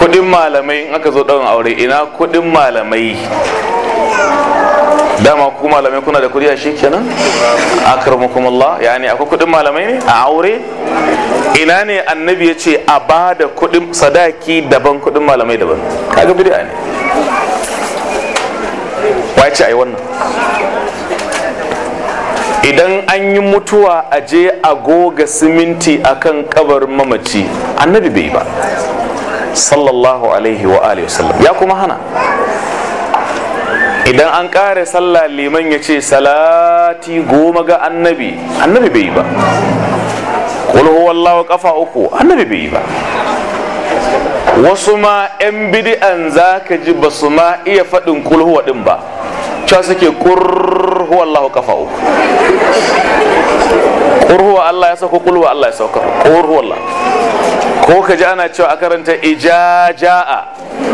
kudin malamai in aka zo ɗaurin aure ina kudin malamai dama ku malamai kuna da kudi a shi kenan akramukum Allah ne akwai kudin malamai ne a aure ina ne annabi ya ce a ba da kudin sadaki daban kudin malamai daban kaga bid'a ne wa ce ai wannan idan an yi mutuwa a je a goga siminti akan kabarin mamaci annabi bai ba sallallahu alaihi wa alihi wasallam ya kuma hana idan an kare sallah liman ya ce salati goma ga annabi annabi bai yi ba qul huwallahu kafa uku annabi bai yi ba wasu ma 'yan bidi'an za ka ji ba su ma iya faɗin kulhuwa ɗin ba cewa suke kurhuwa Allah kafa uku kurhuwa Allah ya sauka kulhuwa Allah ya sauka kurhuwa Allah ko ka ji ana cewa a karanta ijaja'a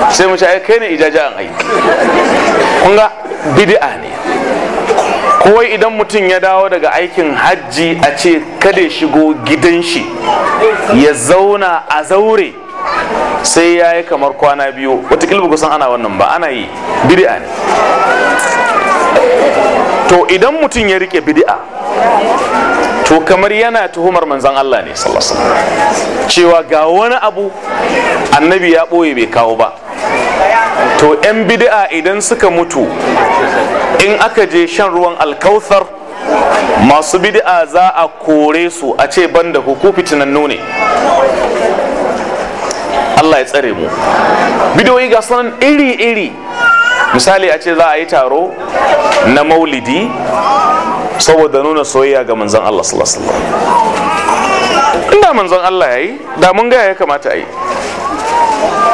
sai mu ai kai ne ijaja'an ai kun ga bid'a ne ko idan mutum ya dawo daga aikin hajji a ce kada ya shigo gidan shi ya zauna a zaure sai ya yi kamar kwana biyu wata kusan ana wannan ba ana yi bid'a ne to idan mutum ya rike bid'a to kamar yana tuhumar manzan Allah ne cewa ga wani abu annabi ya ɓoye bai kawo ba to 'yan bid'a idan suka mutu in aka je shan ruwan alkauthar masu bid'a za a kore su a ce banda ku fitinannu nune Allah ya tsare mu bidiyoyi ga sunan iri-iri misali a ce za a yi taro na maulidi saboda nuna soyayya ga manzon Allah inda manzon Allah ya da mun ga ya kamata yi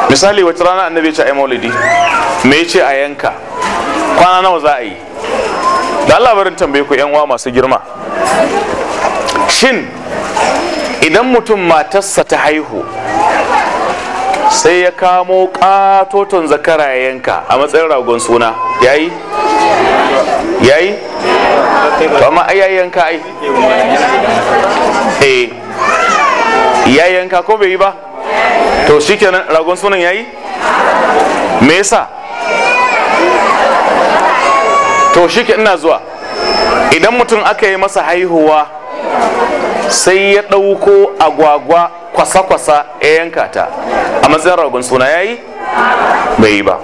misali wata rana annabi ce yi maulidi me yace a yanka kwana nawa za a yi da Allah barin tambaye ku yan uwa masu girma shin idan mutum matarsa ta haihu sai ya kamo katoton zakara ya yanka a matsayin ragon suna yayi yayi to amma ai ya yanka ai eh ya yanka ko bai yi ba to shikenan ragon sunan yayi me yasa to shike ina zuwa idan mutum aka yi masa haihuwa sai ya ɗauko agwagwa kwasa-kwasa ya yanka ta a matsayin ragon suna yi? bai yi ba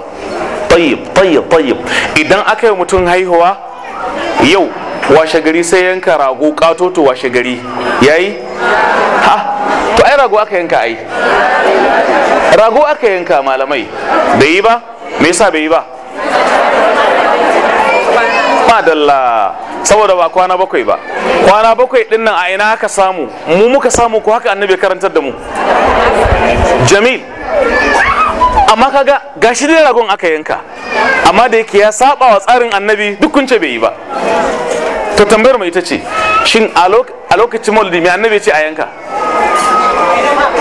tayyib tayyib tayyib idan aka yi mutum haihuwa yau washe gari sai yanka rago katoto washe gari yi? ha to ai rago aka yanka ai rago aka yanka malamai bai yi ba me yasa bai yi ba madalla saboda ba kwana bakwai ba kwana bakwai din nan a ina aka samu mu muka samu ko haka annabi karantar da mu jamil amma kaga gashi dai ragon aka yanka amma da yake ya saba wa tsarin annabi duk ce bai yi ba to tambayar mu ita ce shin a lokacin maulidi mai annabi ce a yanka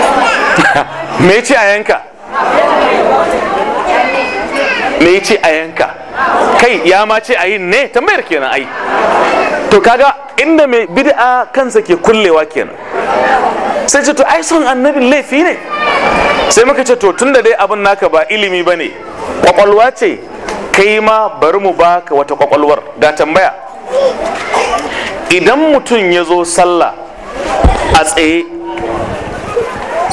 me ce a yanka me ce a yanka kai ya ma ce a yin ne tambayar kenan ai to kaga inda mai bid'a kansa ke kullewa kenan sai ce to ai son annabin laifi ne sai muka ce to tunda dai abin naka ba ilimi ba ne, kwakwalwa ce kai ma bari mu baka wata kwakwalwar ga tambaya idan mutum ya zo sallah a tsaye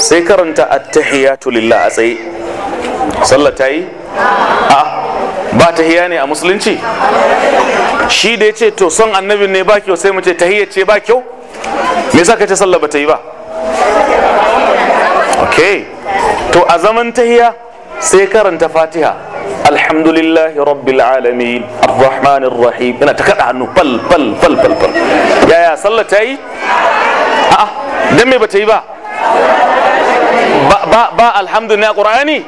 sai karanta attahiyatu lillah a tsaye sallah ta yi Ah, ba tahiya ne a musulunci shi da ya ce to son annabin ne ba kyau sai mu ce tahiyya ce ba kyau me za ka ce sallah ba ta yi ba Ok to a zaman tahiya sai karanta fatiha alhamdulillahi rabbil alamin arrahmanir rahim ina ta kada hannu fal fal fal fal yaya sallah ta yi a'a dan me ba ta yi ba ba ba alhamdulillah qur'ani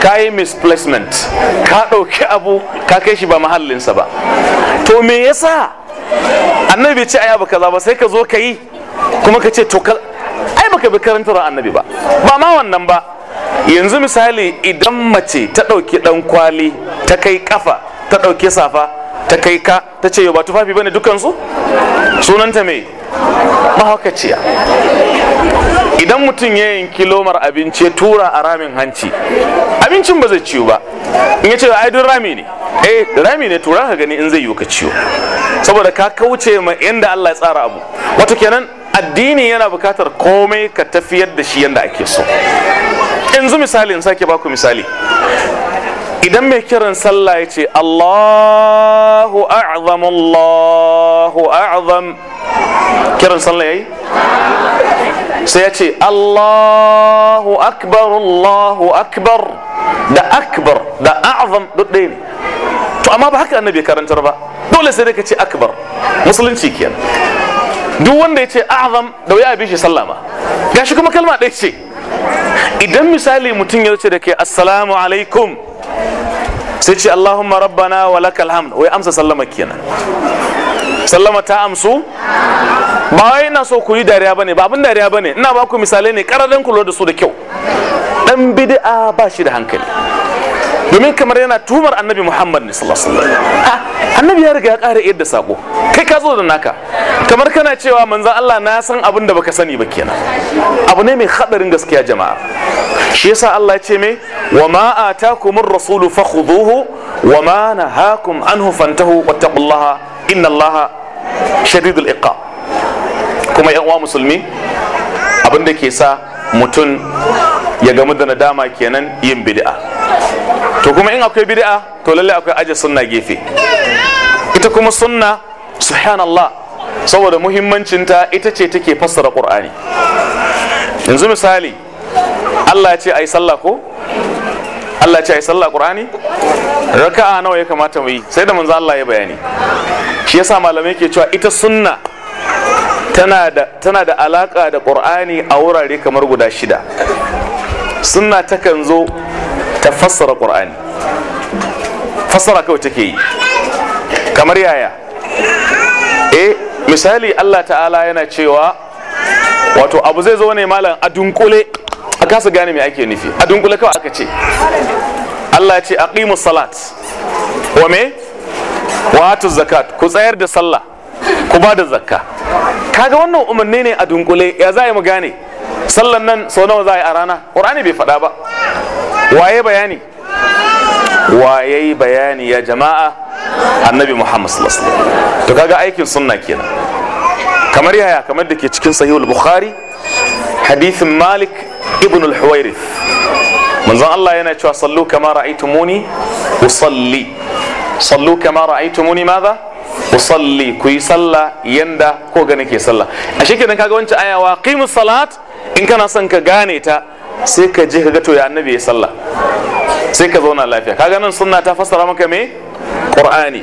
kayi misplacement ka ɗauki abu ka kai shi ba mahallinsa ba to me yasa annabi ce aya baka kaza ba sai ka zo ka kuma ka ce to ai baka bi karantar annabi ba ba ma wannan ba yanzu misali idan mace ta ɗauki ɗan kwali ta kai kafa ta ɗauki safa ta kai ka ta ce ba tufafi bane dukansu sunanta mai mahaukaciya idan mutum ya yanki lomar abinci ya tura a ramin hanci abincin ba zai ciwo ba in ya ce ai duk rami ne eh rami ne tura ka gani in zai yi ka ciwo saboda ka kauce ma yanda Allah ya tsara abu wato kenan addini yana bukatar komai ka tafiyar da shi yanda ake so yanzu misali in sake baku misali idan mai kiran sallah ya ce Allahu a'zam Allahu a'zam kiran sallah yayi sai ya ce Allahu akbar Allahu akbar da akbar da a'zam duk ɗaya ne to amma ba haka annabi karantar ba dole sai dai ka ce akbar musulunci kenan duk wanda ya ce a'zam da wuya bi shi sallama gashi kuma kalma ɗaya ce idan misali mutum ya ce da ke assalamu alaikum sai ce Allahumma rabbana wa lakal hamd wai amsa sallama kenan sallama ta amsu ba wai ina so ku yi dariya bane ba abin dariya bane ina ba ku misalai ne karadan ku da su da kyau dan bid'a ba shi da hankali domin kamar yana tuhumar annabi muhammad ne sallallahu annabi ya riga ya kare yadda sako kai ka zo da naka kamar kana cewa manzan allah na san abin da baka sani ba kenan abu ne mai hadarin gaskiya jama'a shi yasa allah ya ce me wa ma atakumur rasulu khuduhu wa ma nahakum anhu fantahu wattaqullaha inna allaha shadidul iqa kuma yan uwa musulmi abin da ke sa mutum ya gamu da nadama kenan yin bid'a to kuma in akwai bid'a to lalle akwai aje sunna gefe ita kuma sunna subhanallah saboda muhimmancinta ita ce take fassara qur'ani yanzu misali Allah ya ce ai sallah ko Allah ya ce ai sallah qur'ani raka'a nawa ya kamata mu yi sai da manzo Allah ya bayani shi yasa malamai ke cewa ita sunna tana da tana da alaka da qur'ani a wurare kamar guda shida sunna takan zo ta fassara qur'ani fassara kawai take yi kamar yaya e misali Allah ta'ala yana cewa wato abu zai zo ne malam a dunkule a kasa gane me ake nufi a dunkule kawai aka ce Allah ce a aqimus salat wa me wato zakat ku tsayar da sallah ku ba da zakka kaga wannan umarni ne a dunkule ya za a yi mu gane sallan nan sau nawa za a yi a rana ƙur'ani bai faɗa ba waye bayani waye bayani ya jama'a annabi muhammad sallallahu alaihi wasallam to kaga aikin sunna kenan kamar yaya kamar da ke cikin sahihul bukhari hadithin malik ibn al manzon Allah yana cewa sallu kama ra'aytumuni usalli sallu kama ra'aytumuni madha usalli ku yi sallah yanda ko ga nake sallah a shekenan kaga wancan ayawa wa qimus salat in kana son ka gane ta sai ka je ka ga to ya annabi ya sallah sai ka zauna lafiya kaga nan sunna ta fassara maka me qur'ani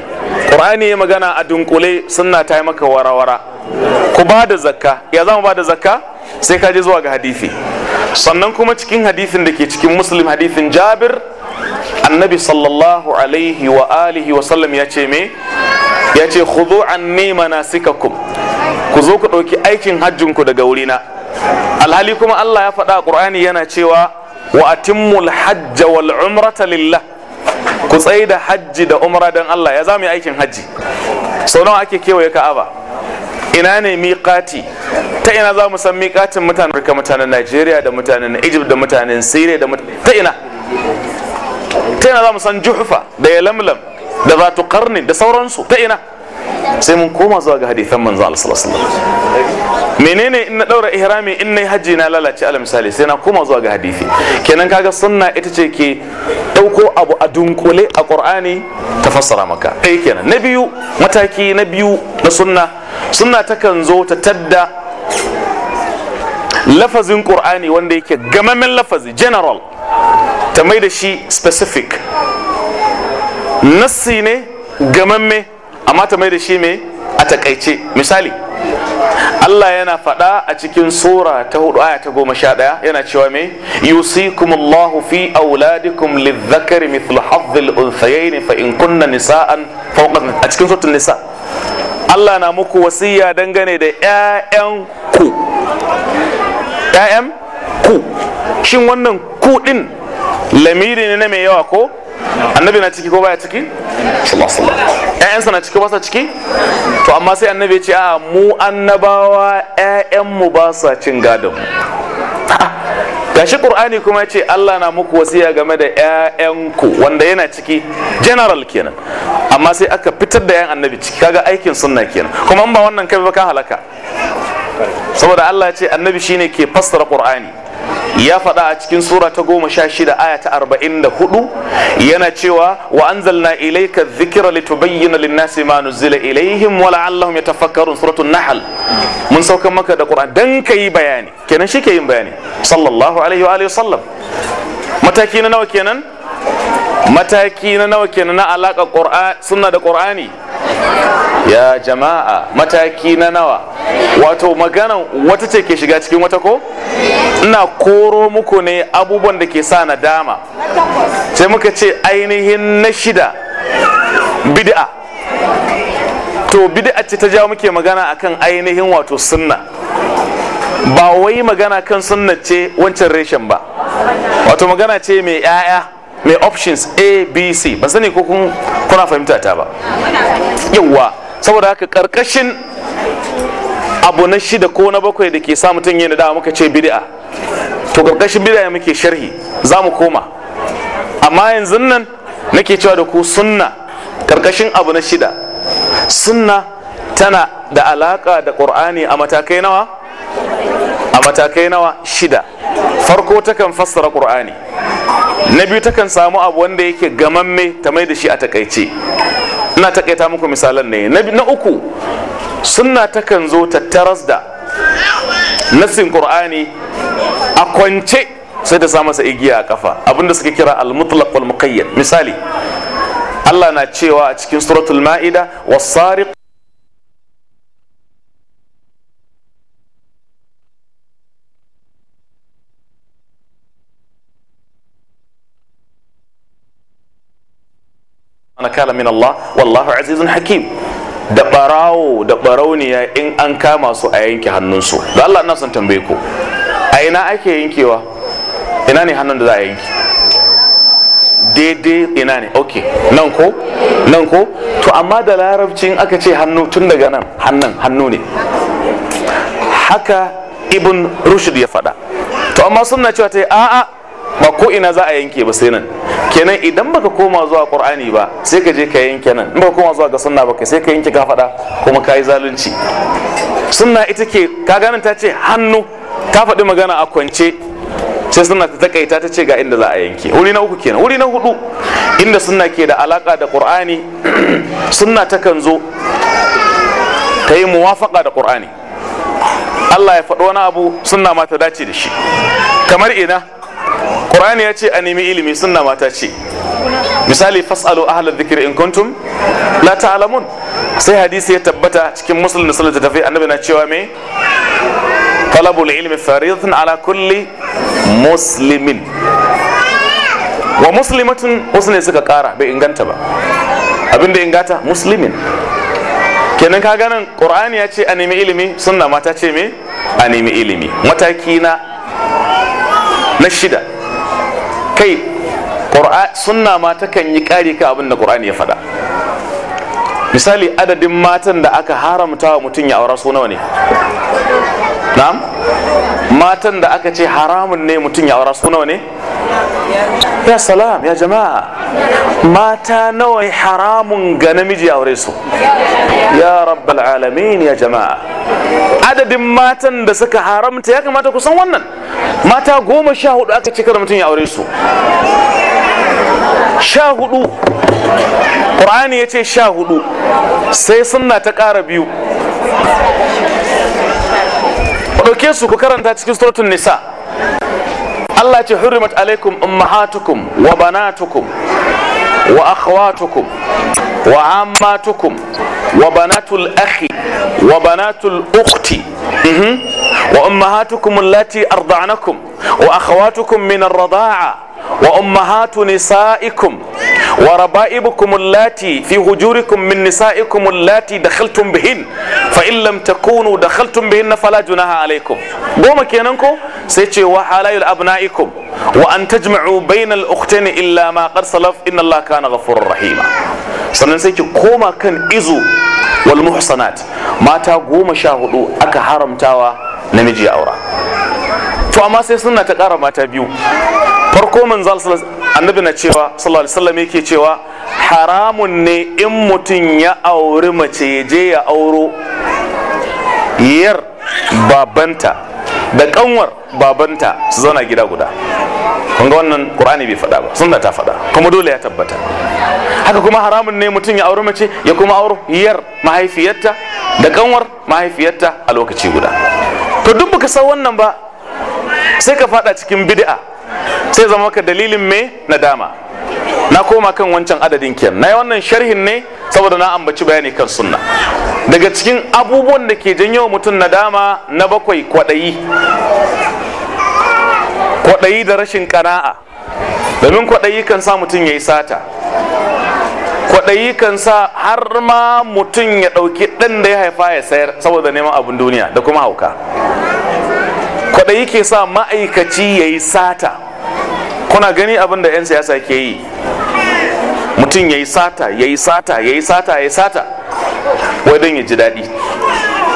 qur'ani ya magana a dunkule sunna ta yi maka warawara ku ba da zakka ya zama ba da zakka sai ka je zuwa ga hadisi sannan kuma cikin hadisin da ke cikin muslim hadisin jabir annabi sallallahu alaihi wa alihi wa sallam ya ce me ya ce khudhu anni ku zo ku ɗauki aikin hajjinku daga wurina alhali kuma Allah ya faɗa a ƙur'ani yana cewa wa atimmul hajja wal umrata lillah ku tsai da hajji da umra don Allah ya zama aikin hajji sau nawa ake kewaye ka'aba ina ne miƙati ta ina za mu san miƙatin mutanen Amurka mutanen Najeriya da mutanen Egypt da mutanen Syria da ta ina ta ina za mu san Juhufa da Yalamlam da Zatu Karni da sauransu ta ina sai mun koma zuwa ga hadithan manzo Allah sallallahu alaihi wasallam menene in na daura ihrami in nayi haji na lalace ala misali sai na koma zuwa ga hadisi kenan kaga sunna ita ce ke dauko abu a dunkule a qur'ani ta fassara maka ɗaya kenan na biyu mataki na biyu na sunna sunna takan zo ta tadda lafazin qur'ani wanda yake gamamen lafazi general ta mai da shi specific nassi ne gamamme amma ta mai da shi mai a takaice misali Allah yana faɗa a cikin sura ta hudu aya ta goma sha ɗaya yana cewa me yusikumullahu fi auladikum lidhakari mithlu hazzil unthayaini fa in kunna nisa'an fawqa a cikin suratul nisa Allah na muku wasiya dangane da ƴaƴan ku ƴaƴan ku shin wannan ku din lamiri ne na mai yawa ko annabi na ciki ko baya ciki ƴaƴansa na ciki basa ciki to amma sai annabi ce a mu annabawa ƴaƴanmu ba sa cin gadon gashi qur'ani kuma ya ce Allah na muku wasiya game da ƴaƴanku wanda yana ciki general kenan amma sai aka fitar da ƴan annabi ciki kaga aikin sunna kenan kuma in ba wannan kai ba ka halaka saboda Allah ya ce annabi shine ke fassara qur'ani ya faɗa a cikin sura ta goma sha shida aya ta arba'in da hudu yana cewa wa anzalna ilaika dhikra litubayyana linnasi ma nuzila ilaihim wa la'allahum yatafakkarun suratul nahl mun saukan maka da qur'an dan kai bayani kenan shi ke yin bayani sallallahu alaihi wa alihi sallam mataki na nawa kenan mataki na nawa kenan na alaka qur'an sunna da qur'ani ya jama'a mataki na nawa wato magana wata ce ke shiga cikin wata ko ina koro muku ne abubuwan da ke sa na dama sai muka ce ainihin na shida bid'a to bid'a ce ta jawo muke magana akan ainihin wato sunna ba wai magana kan sunna ce wancan reshen ba wato magana ce mai 'ya'ya mai options a b c ba sani ko kun kuna fahimta ta ba yawa saboda haka karkashin abu na shida ko na bakwai da ke sa mutum yana da muka ce bid'a to karkashin bid'a muke sharhi za mu koma amma yanzu nan nake cewa da ku sunna karkashin abu na shida sunna tana da alaka da qur'ani a matakai nawa a matakai nawa shida farko takan fassara qur'ani na biyu takan samu abu wanda yake gamamme ta mai da shi a takaice ina takaita muku misalan ne na uku sunna takan zo tattaras da nasin qur'ani a kwance sai ta sa masa igiya a kafa abinda suke kira al-mutlaq wal muqayyad misali Allah na cewa a cikin suratul ma'ida was-sariq nakala min Allah wallahu azizun hakim da barawo da barauniya in an kama su a yanke hannunsu da Allah na son tambaye ku a ina ake yankewa ina ne hannun da za a yanke daidai ina ne ok nan ko nan ko to amma da larabcin aka ce hannu tun daga nan hannun hannu ne haka ibn rushd ya faɗa to amma suna cewa ta yi a'a ba ko ina za a yanke ba sai nan kenan idan baka koma zuwa qur'ani ba sai ka je ka yanke nan in baka koma zuwa ga sunna ba sai ka yanke ka fada kuma ka zalunci sunna ita ke ka ganin ta ce hannu ka faɗi magana a kwance sai sunna ta takaita ta ce ga inda za a yanke wuri na uku kenan wuri na hudu inda sunna ke da alaka da qur'ani sunna ta kan zo ta yi muwafaka da qur'ani Allah ya faɗi wani abu sunna ma ta dace da shi kamar ina qur'ani ya ce a nemi ilimi sunna mata ce misali fasalu ahlal dhikri in kuntum la ta'lamun sai hadisi ya tabbata cikin muslim da sallallahu alaihi annabi na cewa me talabul ilmi faridatun ala kulli muslimin wa muslimatun usne ne suka kara bai inganta ba abinda ingata muslimin kenan ka ganin qur'ani ya ce a nemi ilimi sunna mata ce me a nemi ilimi mataki na na shida kai sunna ma takan yi kari ka abin da ƙur'ani ya faɗa misali adadin matan da aka haramta wa mutum ya aura su nawa ne na'am matan da aka ce haramun ne mutum ya aura su nawa ne ya salam ya jama'a mata nawa haramun ga namiji ya aure su ya rabbal alamin ya jama'a adadin matan da suka haramta ya kamata kusan wannan mata goma sha hudu aka ce kada mutum ya aure su sha hudu ƙur'ani ya ce sha hudu sai sunna ta ƙara biyu ɗauke su ku karanta cikin suratun nisa Allah ce hurrimat alaikum ummahatukum wa banatukum wa akhwatukum wa ammatukum wa banatul akhi wa banatul ukhti mhm. wa ummahatukum allati arda'nakum wa akhwatukum min ar-rida'a wa ummahatu nisa'ikum wa raba'ibukum allati fi hujurikum min nisa'ikum allati dakhaltum bihin fa in lam takunu dakhaltum bihin fala junaha alaikum goma kenan ko sai ce wa halayul abna'ikum wa an tajma'u bainal ukhtayn illa ma qad salaf inna allaha kana ghafurur rahima sannan sai ki koma kan izu wal muhsanat mata goma sha hudu aka haramtawa namiji aura to amma sai suna ta kara mata biyu farko manzal annabi na cewa sallallahu alaihi wasallam yake cewa haramun ne in mutum ya auri mace je ya auro yar babanta da kanwar babanta su zauna gida guda kun ga wannan qur'ani bai faɗa ba sunna ta faɗa kuma dole ya tabbata haka kuma haramun ne mutum ya auri mace ya kuma auro yar mahaifiyarta da kanwar mahaifiyarta a lokaci guda to duk baka san wannan ba sai ka faɗa cikin bid'a sai zama ka dalilin me na dama na koma kan wancan adadin kiyan na yi wannan sharhin ne saboda na ambaci bayani kan sunna daga cikin abubuwan da ke janyo mutum nadama na bakwai kwaɗayi kwaɗayi da rashin ƙana'a domin kwaɗayi kan sa mutum ya yi sata kwaɗayi kan sa har ma mutum ya ɗauki ɗan da ya haifa ya sayar saboda neman abin duniya da kuma hauka kwaɗayi ke sa ma'aikaci ya yi sata kuna gani abin da 'yan siyasa ke yi mutum ya yi sata ya yi sata ya yi sata ya yi sata wai don ya ji daɗi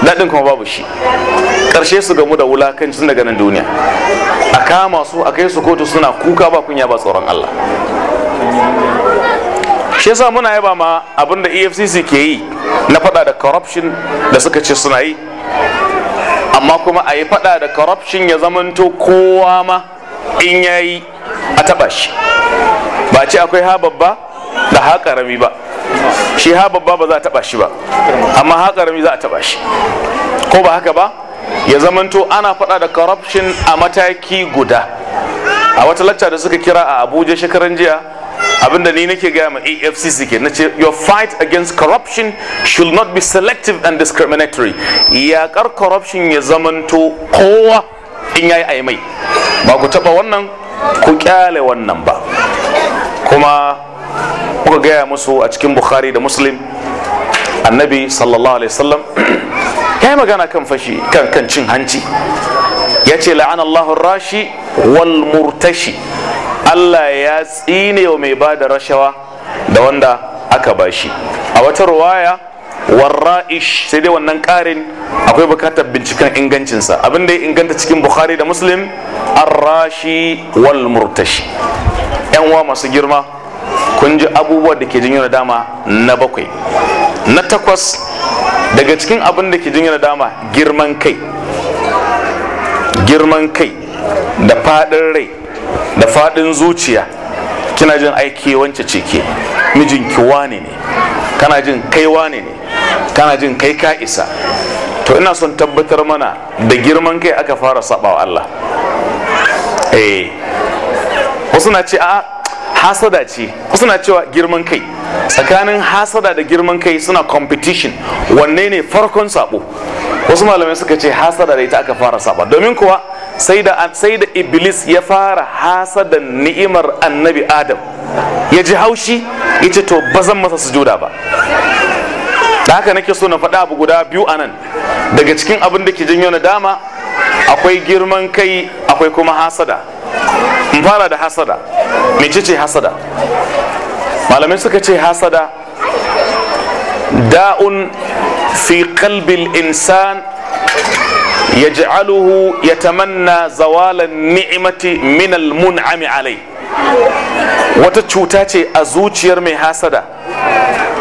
daɗin kuma babu shi ƙarshe su gamu da wulakanci tun daga nan duniya a kama su a kai su kotu suna kuka ba kunya ba tsoron Allah shi yasa muna yaba ma abin da efcc ke yi na fada da corruption da suka ce suna yi amma kuma a yi fada da corruption ya zamanto kowa ma in yayi a taba shi ba ce akwai ha babba da ha karami ba shi ha babba ba za a taba shi ba amma ha karami za a taba shi ko ba haka ba ya zamanto ana faɗa da corruption a mataki guda a wata lacca da suka kira a abuja shekaran jiya abinda ni nake gaya ma efcc ke na ce your fight against corruption should not be selective and discriminatory yakar corruption ya zamanto kowa in yayi aimai ba ku taɓa wannan ku kyale wannan ba kuma muka gaya musu a cikin bukhari da muslim annabi sallallahu alaihi wasallam ya yi magana kan fashi kan kan cin hanci ya ce la'an rashi wal murtashi allah ya tsine mai ba da rashawa da wanda aka bashi a wata ruwaya warra'ish sai dai wannan karin akwai bukatar binciken ingancinsa abin da ya inganta cikin bukhari da muslim arrashi wal murtashi yan wa masu girma kun ji abubuwa da ke jinyar dama na bakwai na takwas daga cikin abin da ke jinyar dama girman kai girman kai da fadin rai da fadin zuciya kina jin aiki wance ce ke mijinki wane ne kana jin kai wane ne kana jin kai ka isa to ina son tabbatar mana da girman kai aka fara saba wa Allah eh wasu na ce a hasada ce wasu na cewa girman kai tsakanin hasada da girman kai suna competition wanne ne farkon sabo wasu malamai suka ce hasada da ita aka fara saba domin kuwa sai da sai da iblis ya fara hasada ni'imar annabi adam ya ji haushi ya ce to ba zan masa sujuda ba da haka nake so na faɗa abu guda biyu anan daga cikin abin da ke janyo nadama akwai girman kai akwai kuma hasada in fara da hasada mecece hasada malamai suka ce hasada da'un fi qalbil insan ya tamanna zawalan ni'imati min munami alai wata cuta ce a zuciyar mai hasada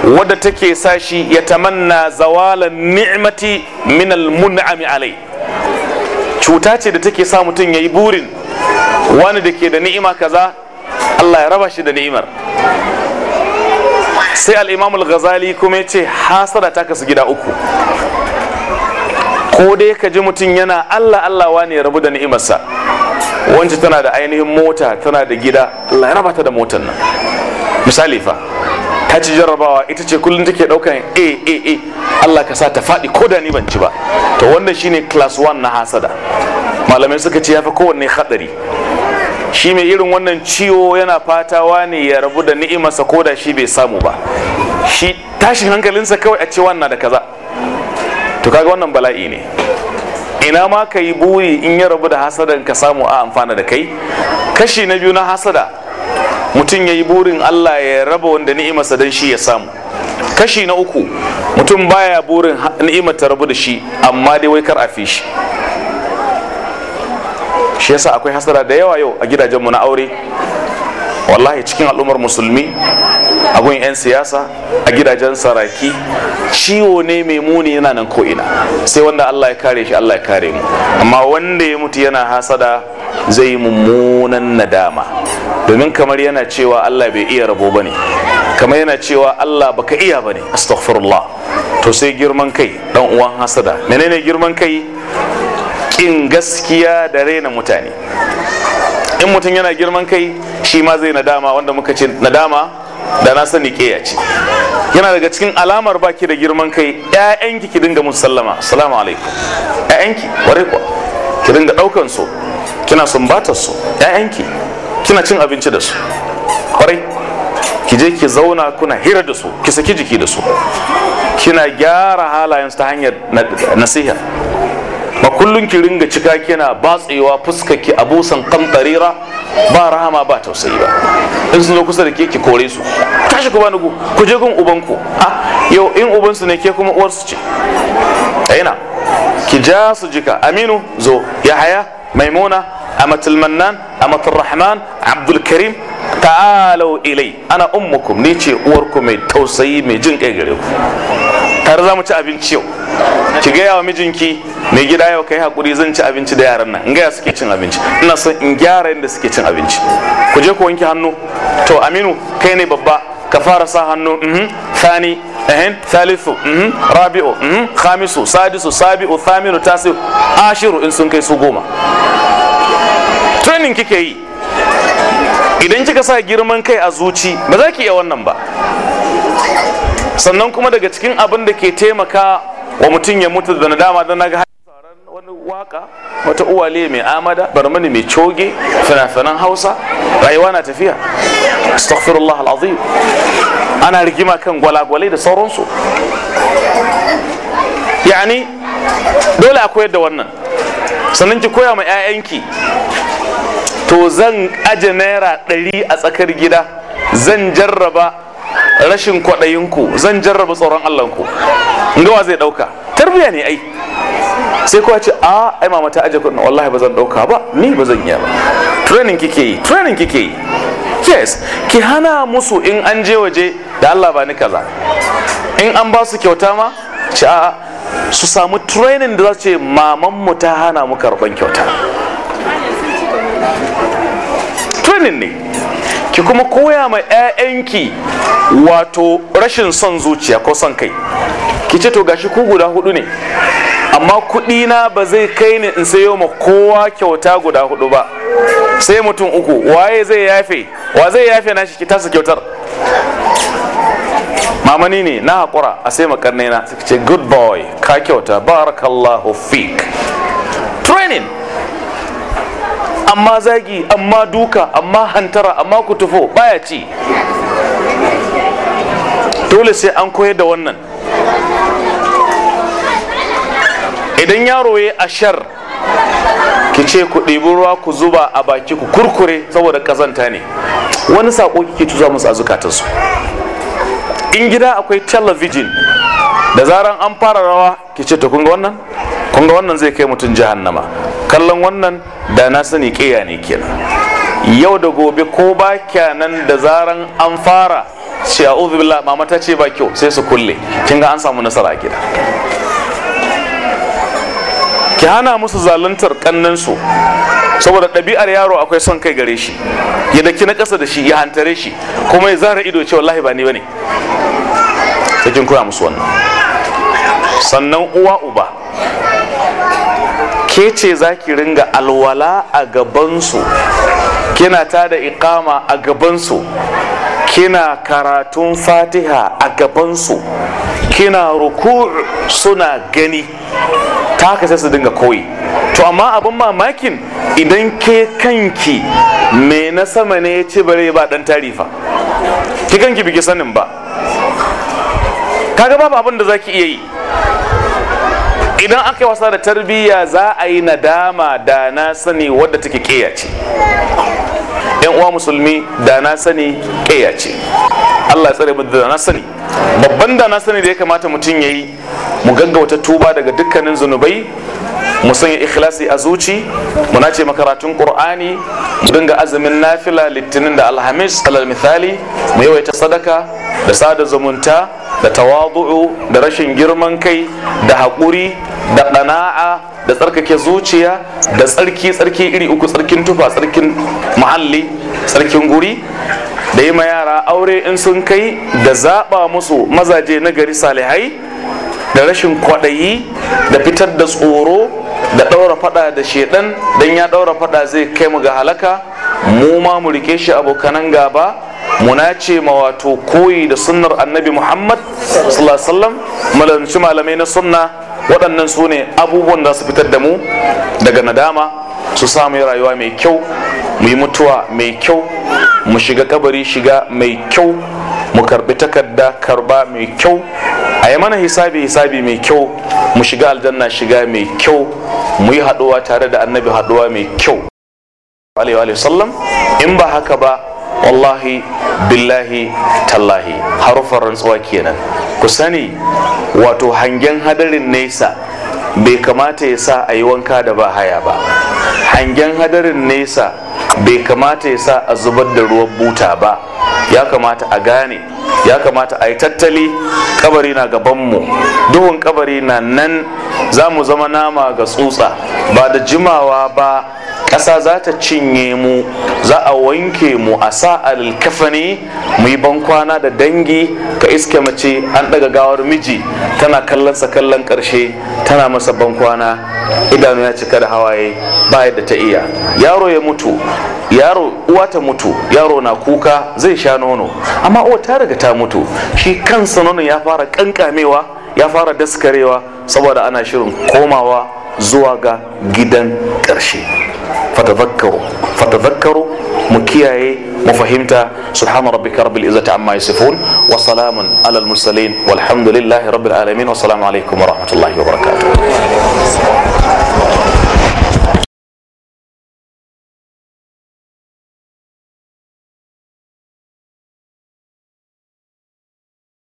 wadda take sa shi ya tamanna zawalan ni'mati min almun'ami alai cuta ce da take sa mutum yayi burin wani da ke da ni'ima kaza Allah ya raba shi da ni'imar sai al-Imam al-Ghazali kuma ya ce ta kasu gida uku ko dai ka ji mutum yana Allah Allah wani ya rabu da ni'imarsa wancan tana da ainihin mota tana da gida Allah ya raba ta da motar nan misali fa ta ci jarrabawa ita ce kullum take daukan a a a Allah ka sa ta faɗi ko da ni ban ci ba to wannan shine class 1 na hasada malamai suka ce yafi kowanne hadari shi mai irin wannan ciwo yana fatawa ne ya rabu da ni'imarsa ko da shi bai samu ba shi tashin hankalinsa kawai a ce wannan da kaza to kaga wannan bala'i ne ina ma ka yi buri in ya rabu da hasadan ka samu a amfana da kai kashi na biyu na hasada mutum ya yi burin Allah ya raba wanda ni'imarsa don shi ya samu kashi na uku mutum baya burin ni'imar ta rabu da shi amma dai wai kar a fi shi shi yasa akwai hasara da yawa yau a gidajenmu na aure wallahi cikin al'ummar musulmi a 'yan siyasa a gidajen saraki ciwo ne mai muni yana nan ko'ina sai wanda allah ya kare shi allah ya kare mu amma wanda ya mutu yana hasada zai yi mummunan nadama domin kamar yana cewa Allah bai iya rabo bane kamar yana cewa Allah baka iya bane astaghfirullah to sai girman kai dan uwan hasada menene girman kai kin gaskiya da raina mutane in mutum yana girman kai shi ma zai nadama wanda muka ce nadama da na sani keya ce yana daga cikin alamar baki da girman kai ƴaƴanki ki dinga mun sallama assalamu alaikum ƴaƴanki ware kuwa ki dinga ɗaukan su kina sumbatar su ƴaƴanki kina cin abinci da su kwarai ki je ki zauna kuna hira da su ki saki jiki da su kina gyara halayensu ta hanyar nasiha ba kullum ki ringa cika kina batsewa fuska ki abusan kamtarira ba rahama ba tausayi ba in sun zo kusa da ke ki kore su tashi ku bani ku je gun ubanku a ah, yau in ubansu ne ke kuma uwarsu ce a ki ja su jika aminu zo ya haya maimuna amatul mannan Abdulkarim, rahman ta'alau ilai ana ummukum ni ce uwarku mai tausayi mai jin kai gare ku tare za mu ci abinci yau ki gaya wa mijinki mai gida yau kai hakuri zan ci abinci da yaran nan in gaya suke cin abinci ina son in gyara yadda suke cin abinci ku je ku wanke hannu to aminu kai ne babba ka fara sa hannu thani Salisu, thalithu rabi'u khamisu sadisu sabi'u thaminu Tasi, ashiru in sun kai su goma training kike yi idan kika sa girman kai a zuci ba za ki iya wannan ba sannan kuma daga cikin abin da ke taimaka wa mutum ya mutu da nadama don naga wani waka wata uwale mai amada barmani mai coge fina-finan hausa rayuwa na tafiya astaghfirullah al'azim ana rigima kan gwalagwalai da sauransu yani dole akwai koyar da wannan sannan ki koya ma 'ya'yanki to zan aje naira ɗari a tsakar gida zan jarraba rashin kwaɗayinku zan jarraba tsoron allahnku ngawa zai ɗauka tarbiyya ne ai sai kuwa ce a ah, ai mama ta aje kudin wallahi ba zan dauka ba ni ba zan yi ba training kike yi training kike yi yes ki hana musu in an je waje da Allah ba ni kaza in an ba su kyauta ma ci a su samu training da za su ce maman mu ta hana mu karban kyauta training ne ki kuma koya ma 'ya'yanki wato rashin son zuciya ko son kai ki ce to gashi ku guda hudu ne amma kuɗi na ba zai kai ni in sayo ma kowa kyauta guda hudu ba sai mutum uku waye zai yafe wa zai yafe na shi kitasa kyautar mamani ne na haƙura a sai makarnai na suka ce good boy ka kyauta barakallahu fik training amma zagi amma duka amma hantara amma kutufo baya ci dole sai an koyar da wannan idan yaro ya ashar ki ce ku ɗibi ruwa ku zuba a baki ku kurkure saboda ƙazanta ne wani saƙo kike tuza musu a zukatansu in gida akwai talabijin da zaran an fara rawa ki ce ta kunga wannan kunga wannan zai kai mutum nama? kallon wannan da na sani ƙeya ne kenan yau da gobe ko ba nan da zaran an fara shi a billah mama ta ce ba kyau sai su kulle kin ga an samu nasara a gida ki hana musu zaluntar kannansu saboda ɗabi'ar yaro akwai son kai gare shi ya daki na ƙasa da shi ya hantare shi kuma ya zara ido ce wallahi ba ni bane sai koya musu wannan sannan uwa uba ke ce za ki ringa alwala a gabansu kina ta da iƙama a gabansu kina karatun fatiha a gabansu kina ruku suna gani ta haka sai su dinga koyi to amma abin mamakin idan ke kanki me na sama ne ya ce bare ba dan tarifa ki kanki biki sanin ba kaga babu abin da zaki iya yi idan aka wasa da tarbiyya za a yi nadama da na sani wadda take kiyace yan uwa musulmi da na sani ƙeya ce Allah ya tsare mu da na sani babban da na sani da ya kamata mutum ya yi mu gaggauta tuba daga dukkanin zunubai mu sanya ikhlasi a zuci mu nace makaratun qur'ani mu dinga azumin nafila litinin da alhamis alal misali mu yawaita sadaka da sada zumunta da tawadu'u da rashin girman kai da haƙuri da ɗana'a da tsarkake zuciya da tsarki tsarki iri uku tsarkin tufa tsarkin muhalli tsarkin guri da yi ma yara aure in sun kai da zaɓa musu mazaje na gari salihai da rashin kwaɗayi da fitar da tsoro da ɗaura faɗa da shedan don ya ɗaura faɗa zai kai mu ga halaka mu ma mu rike shi abokanan gaba mu nace ma wato koyi da sunnar annabi muhammad sallallahu alaihi wasallam malamai na sunna waɗannan su ne abubuwan da su fitar da mu daga nadama su samu rayuwa mai kyau mu yi mutuwa mai kyau mu shiga kabari shiga mai kyau mu karbi takarda karba mai kyau a yi mana hisabi hisabi mai kyau mu shiga aljanna shiga mai kyau mu yi haɗuwa tare da annabi haɗuwa mai kyau sallam in ba haka ba wallahi billahi tallahi harufan rantsuwa kenan ku sani wato hangen hadarin nesa bai kamata ya sa a yi wanka da ba haya ba hangen hadarin nesa bai kamata ya sa a zubar da ruwan buta ba ya kamata a gane ya kamata a yi tattali kabari na gabanmu duhun kabari na nan za mu zama nama ga tsutsa ba da jimawa ba ƙasa za ta cinye mu za a wanke mu a sa alkafani mu yi bankwana da dangi ka iske mace an ɗaga gawar miji tana kallon sa kallon ƙarshe tana masa bankwana idanu ya cika da hawaye ba yadda ta iya yaro ya mutu yaro uwa ta mutu yaro na kuka zai sha nono amma uwa ta daga ta mutu shi kansa nono ya fara ƙanƙamewa ya fara daskarewa saboda ana shirin komawa zuwa ga gidan ƙarshe fatazakkaru mu kiyaye mu fahimta subhana rabbika rabbil izzati amma yasifun wa salamun alal mursalin walhamdulillahi rabbil alamin wa salamu alaikum wa rahmatullahi wa barakatuh